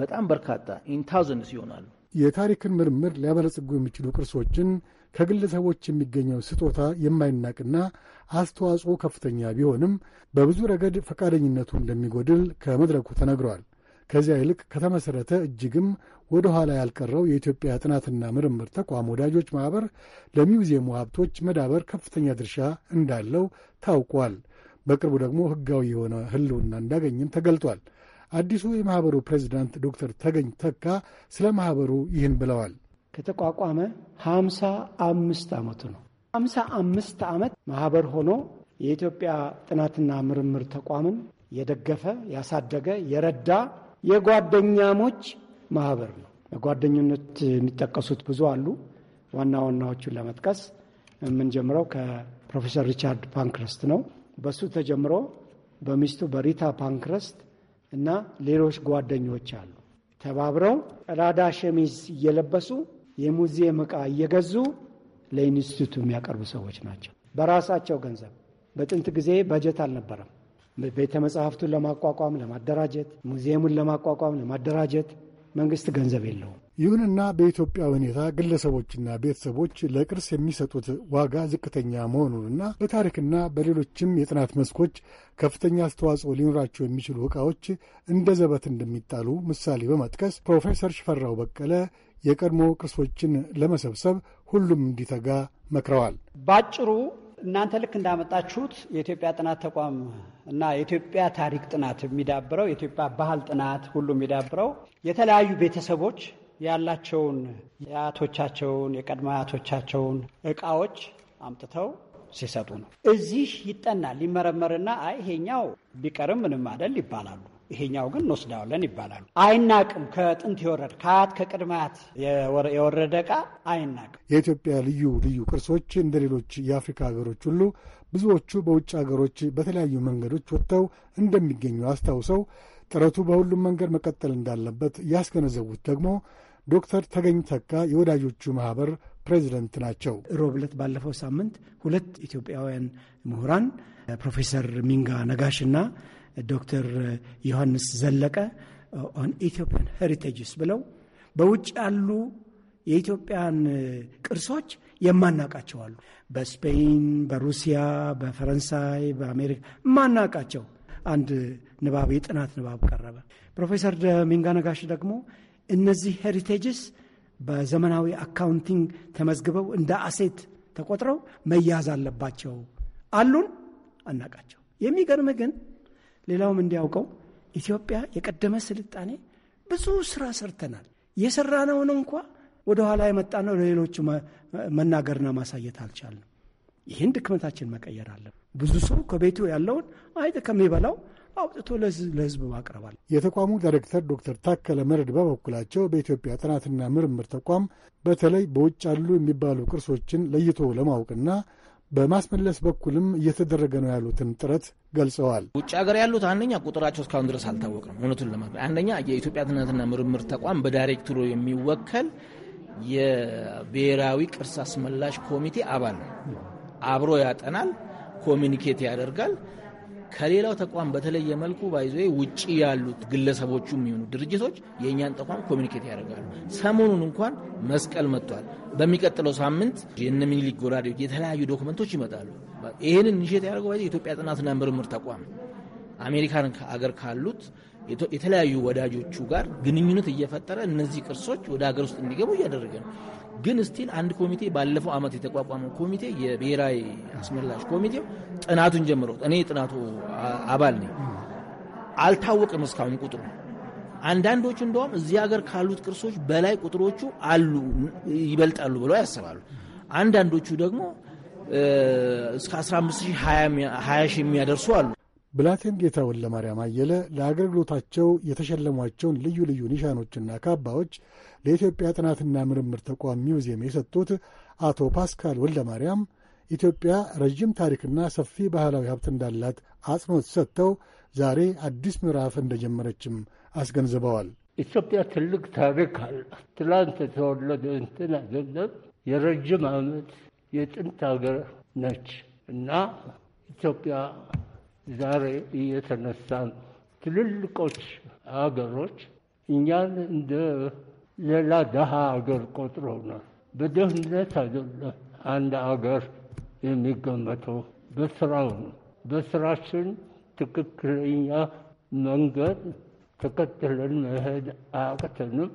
በጣም በርካታ ኢንታውዘንድስ ይሆናሉ። የታሪክን ምርምር ሊያበለጽጉ የሚችሉ ቅርሶችን ከግለሰቦች የሚገኘው ስጦታ የማይናቅና አስተዋጽኦ ከፍተኛ ቢሆንም በብዙ ረገድ ፈቃደኝነቱ እንደሚጎድል ከመድረኩ ተነግሯል። ከዚያ ይልቅ ከተመሠረተ እጅግም ወደ ኋላ ያልቀረው የኢትዮጵያ ጥናትና ምርምር ተቋም ወዳጆች ማኅበር ለሚውዚየሙ ሀብቶች መዳበር ከፍተኛ ድርሻ እንዳለው ታውቋል። በቅርቡ ደግሞ ሕጋዊ የሆነ ሕልውና እንዳገኝም ተገልጧል። አዲሱ የማኅበሩ ፕሬዚዳንት ዶክተር ተገኝ ተካ ስለ ማኅበሩ ይህን ብለዋል። ከተቋቋመ ሀምሳ አምስት ዓመቱ ነው። ሀምሳ አምስት ዓመት ማኅበር ሆኖ የኢትዮጵያ ጥናትና ምርምር ተቋምን የደገፈ ያሳደገ፣ የረዳ የጓደኛሞች ማህበር ነው። በጓደኝነት የሚጠቀሱት ብዙ አሉ። ዋና ዋናዎቹን ለመጥቀስ የምንጀምረው ከፕሮፌሰር ሪቻርድ ፓንክረስት ነው። በሱ ተጀምሮ በሚስቱ በሪታ ፓንክረስት እና ሌሎች ጓደኞች አሉ። ተባብረው ቀዳዳ ሸሚዝ እየለበሱ የሙዚየም ዕቃ እየገዙ ለኢንስቲቱት የሚያቀርቡ ሰዎች ናቸው። በራሳቸው ገንዘብ። በጥንት ጊዜ በጀት አልነበረም። ቤተ መጽሐፍቱን ለማቋቋም ለማደራጀት፣ ሙዚየሙን ለማቋቋም ለማደራጀት መንግስት ገንዘብ የለውም። ይሁንና በኢትዮጵያ ሁኔታ ግለሰቦችና ቤተሰቦች ለቅርስ የሚሰጡት ዋጋ ዝቅተኛ መሆኑንና በታሪክና በሌሎችም የጥናት መስኮች ከፍተኛ አስተዋጽኦ ሊኖራቸው የሚችሉ ዕቃዎች እንደ ዘበት እንደሚጣሉ ምሳሌ በመጥቀስ ፕሮፌሰር ሽፈራው በቀለ የቀድሞ ቅርሶችን ለመሰብሰብ ሁሉም እንዲተጋ መክረዋል። ባጭሩ እናንተ ልክ እንዳመጣችሁት የኢትዮጵያ ጥናት ተቋም እና የኢትዮጵያ ታሪክ ጥናት የሚዳብረው የኢትዮጵያ ባህል ጥናት ሁሉ የሚዳብረው የተለያዩ ቤተሰቦች ያላቸውን የአያቶቻቸውን የቀድሞ አያቶቻቸውን እቃዎች አምጥተው ሲሰጡ ነው። እዚህ ይጠናል፣ ይመረመርና አይ ይሄኛው ቢቀርም ምንም አይደል ይባላሉ። ይሄኛው ግን እንወስደዋለን ይባላሉ። አይናቅም። ከጥንት የወረደ ከአያት ከቅድማያት የወረደ ዕቃ አይናቅም። የኢትዮጵያ ልዩ ልዩ ቅርሶች እንደ ሌሎች የአፍሪካ ሀገሮች ሁሉ ብዙዎቹ በውጭ ሀገሮች በተለያዩ መንገዶች ወጥተው እንደሚገኙ አስታውሰው ጥረቱ በሁሉም መንገድ መቀጠል እንዳለበት ያስገነዘቡት ደግሞ ዶክተር ተገኝ ተካ የወዳጆቹ ማህበር ፕሬዚደንት ናቸው። ሮብለት ባለፈው ሳምንት ሁለት ኢትዮጵያውያን ምሁራን ፕሮፌሰር ሚንጋ ነጋሽ እና ዶክተር ዮሐንስ ዘለቀ ኦን ኢትዮጵያን ሄሪቴጅስ ብለው በውጭ ያሉ የኢትዮጵያን ቅርሶች የማናቃቸው አሉ። በስፔን፣ በሩሲያ፣ በፈረንሳይ፣ በአሜሪካ ማናቃቸው አንድ ንባብ የጥናት ንባብ ቀረበ። ፕሮፌሰር ደሚንጋ ነጋሽ ደግሞ እነዚህ ሄሪቴጅስ በዘመናዊ አካውንቲንግ ተመዝግበው እንደ አሴት ተቆጥረው መያዝ አለባቸው አሉን። አናቃቸው። የሚገርም ግን ሌላውም እንዲያውቀው ኢትዮጵያ የቀደመ ስልጣኔ ብዙ ስራ ሰርተናል። የሰራነውን እንኳ ወደኋላ የመጣነው ለሌሎቹ መናገርና ማሳየት አልቻልንም። ይህን ድክመታችን መቀየር አለን። ብዙ ሰው ከቤቱ ያለውን አይጥ ከሚበላው አውጥቶ ለህዝብ ማቅረባል። የተቋሙ ዳይሬክተር ዶክተር ታከለ መረድ በበኩላቸው በኢትዮጵያ ጥናትና ምርምር ተቋም በተለይ በውጭ አሉ የሚባሉ ቅርሶችን ለይቶ ለማወቅና በማስመለስ በኩልም እየተደረገ ነው ያሉትን ጥረት ገልጸዋል። ውጭ ሀገር ያሉት አንደኛ ቁጥራቸው እስካሁን ድረስ አልታወቅም። እውነቱን ለማለት አንደኛ የኢትዮጵያ ጥናትና ምርምር ተቋም በዳይሬክተሩ የሚወከል የብሔራዊ ቅርስ አስመላሽ ኮሚቴ አባል ነው። አብሮ ያጠናል፣ ኮሚኒኬት ያደርጋል። ከሌላው ተቋም በተለየ መልኩ ባይዞ ውጭ ያሉት ግለሰቦቹ የሚሆኑ ድርጅቶች የእኛን ተቋም ኮሚኒኬት ያደርጋሉ። ሰሞኑን እንኳን መስቀል መጥቷል። በሚቀጥለው ሳምንት የነ ሚኒሊክ ጎራዴዎች የተለያዩ ዶክመንቶች ይመጣሉ። ይህንን ኢኒሼት ያደርገው ባይዞ የኢትዮጵያ ጥናትና ምርምር ተቋም አሜሪካን አገር ካሉት የተለያዩ ወዳጆቹ ጋር ግንኙነት እየፈጠረ እነዚህ ቅርሶች ወደ ሀገር ውስጥ እንዲገቡ እያደረገ ነው። ግን ስቲል አንድ ኮሚቴ ባለፈው ዓመት የተቋቋመው ኮሚቴ የብሔራዊ አስመላሽ ኮሚቴው ጥናቱን ጀምሮት እኔ ጥናቱ አባል ነኝ። አልታወቅም እስካሁን ቁጥሩ። አንዳንዶቹ እንደውም እዚህ ሀገር ካሉት ቅርሶች በላይ ቁጥሮቹ አሉ ይበልጣሉ ብለው ያስባሉ። አንዳንዶቹ ደግሞ እስከ 15 20 ሺህ የሚያደርሱ አሉ። ብላቴን ወለ ማርያም አየለ ለአገልግሎታቸው የተሸለሟቸውን ልዩ ልዩ ኒሻኖችና ካባዎች ለኢትዮጵያ ጥናትና ምርምር ተቋም ሚውዚየም የሰጡት አቶ ፓስካል ወልደ ማርያም ኢትዮጵያ ረዥም ታሪክና ሰፊ ባህላዊ ሀብት እንዳላት አጽንኦት ሰጥተው ዛሬ አዲስ ምዕራፍ እንደጀመረችም አስገንዝበዋል። ኢትዮጵያ ትልቅ ታሪክ አላት። ትላንት የተወለደ እንትን አይደለም። የረጅም ዓመት የጥንት ሀገር ነች እና ኢትዮጵያ ዛሬ እየተነሳ ነው። ትልልቆች አገሮች እኛን እንደ ሌላ ደሃ አገር ቆጥሮነ በደህንነት አይደለም አንድ አገር የሚገመተው በስራው ነው። በስራችን ትክክለኛ መንገድ ተከትለን መሄድ አያቅተንም፣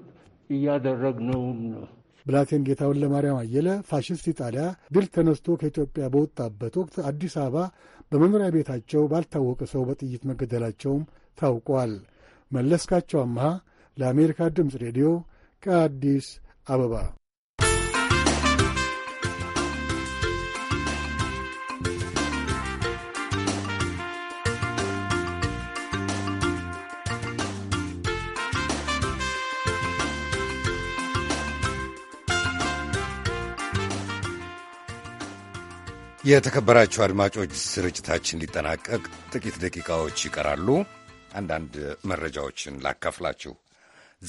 እያደረግነውም ነው። ብላቴን ጌታውን ለማርያም አየለ ፋሽስት ኢጣሊያ ድል ተነስቶ ከኢትዮጵያ በወጣበት ወቅት አዲስ አበባ በመኖሪያ ቤታቸው ባልታወቀ ሰው በጥይት መገደላቸውም ታውቋል። መለስካቸው አምሃ ለአሜሪካ ድምፅ ሬዲዮ ከአዲስ አበባ የተከበራችሁ አድማጮች ስርጭታችን ሊጠናቀቅ ጥቂት ደቂቃዎች ይቀራሉ። አንዳንድ መረጃዎችን ላካፍላችሁ።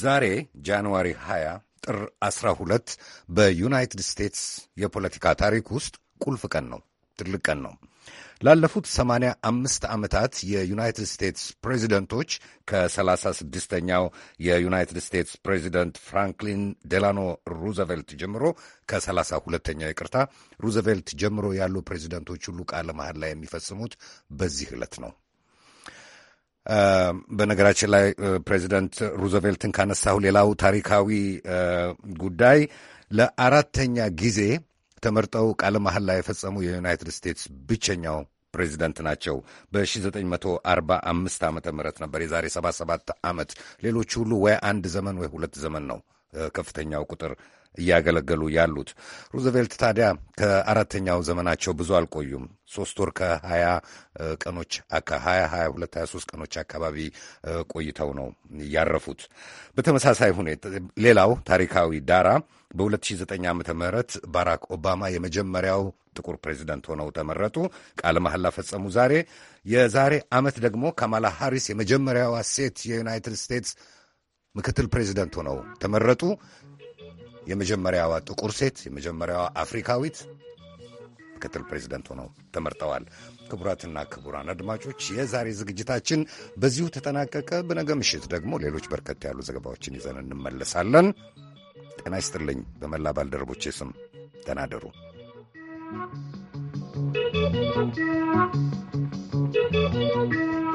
ዛሬ ጃንዋሪ 20 ጥር 12 በዩናይትድ ስቴትስ የፖለቲካ ታሪክ ውስጥ ቁልፍ ቀን ነው። ትልቅ ቀን ነው። ላለፉት ሰማንያ አምስት ዓመታት የዩናይትድ ስቴትስ ፕሬዚደንቶች 36 ስድስተኛው የዩናይትድ ስቴትስ ፕሬዚደንት ፍራንክሊን ዴላኖ ሩዘቬልት ጀምሮ ከ 32 ሁለተኛው ይቅርታ ሩዘቬልት ጀምሮ ያሉ ፕሬዚደንቶች ሁሉ ቃለ መሐላ የሚፈጽሙት በዚህ ዕለት ነው። በነገራችን ላይ ፕሬዚደንት ሩዘቬልትን ካነሳሁ ሌላው ታሪካዊ ጉዳይ ለአራተኛ ጊዜ ተመርጠው ቃለ መሐላ የፈጸሙ የዩናይትድ ስቴትስ ብቸኛው ፕሬዚደንት ናቸው። በ1945 ዓ ም ነበር የዛሬ 77 ዓመት። ሌሎች ሁሉ ወይ አንድ ዘመን ወይ ሁለት ዘመን ነው ከፍተኛው ቁጥር እያገለገሉ ያሉት። ሩዝቬልት ታዲያ ከአራተኛው ዘመናቸው ብዙ አልቆዩም። ሶስት ወር ከሀያ ቀኖች ሀያ ሀያ ሁለት ሀያ ሶስት ቀኖች አካባቢ ቆይተው ነው ያረፉት። በተመሳሳይ ሁኔታ ሌላው ታሪካዊ ዳራ በ2009 ዓ ም ባራክ ኦባማ የመጀመሪያው ጥቁር ፕሬዚደንት ሆነው ተመረጡ፣ ቃለ መሐላ ፈጸሙ። ዛሬ የዛሬ ዓመት ደግሞ ካማላ ሃሪስ የመጀመሪያዋ ሴት የዩናይትድ ስቴትስ ምክትል ፕሬዚደንት ሆነው ተመረጡ። የመጀመሪያዋ ጥቁር ሴት፣ የመጀመሪያዋ አፍሪካዊት ምክትል ፕሬዚደንት ሆነው ተመርጠዋል። ክቡራትና ክቡራን አድማጮች የዛሬ ዝግጅታችን በዚሁ ተጠናቀቀ። በነገ ምሽት ደግሞ ሌሎች በርከት ያሉ ዘገባዎችን ይዘን እንመለሳለን። ጤና ይስጥልኝ። በመላ ባልደረቦቼ ስም ተናደሩ።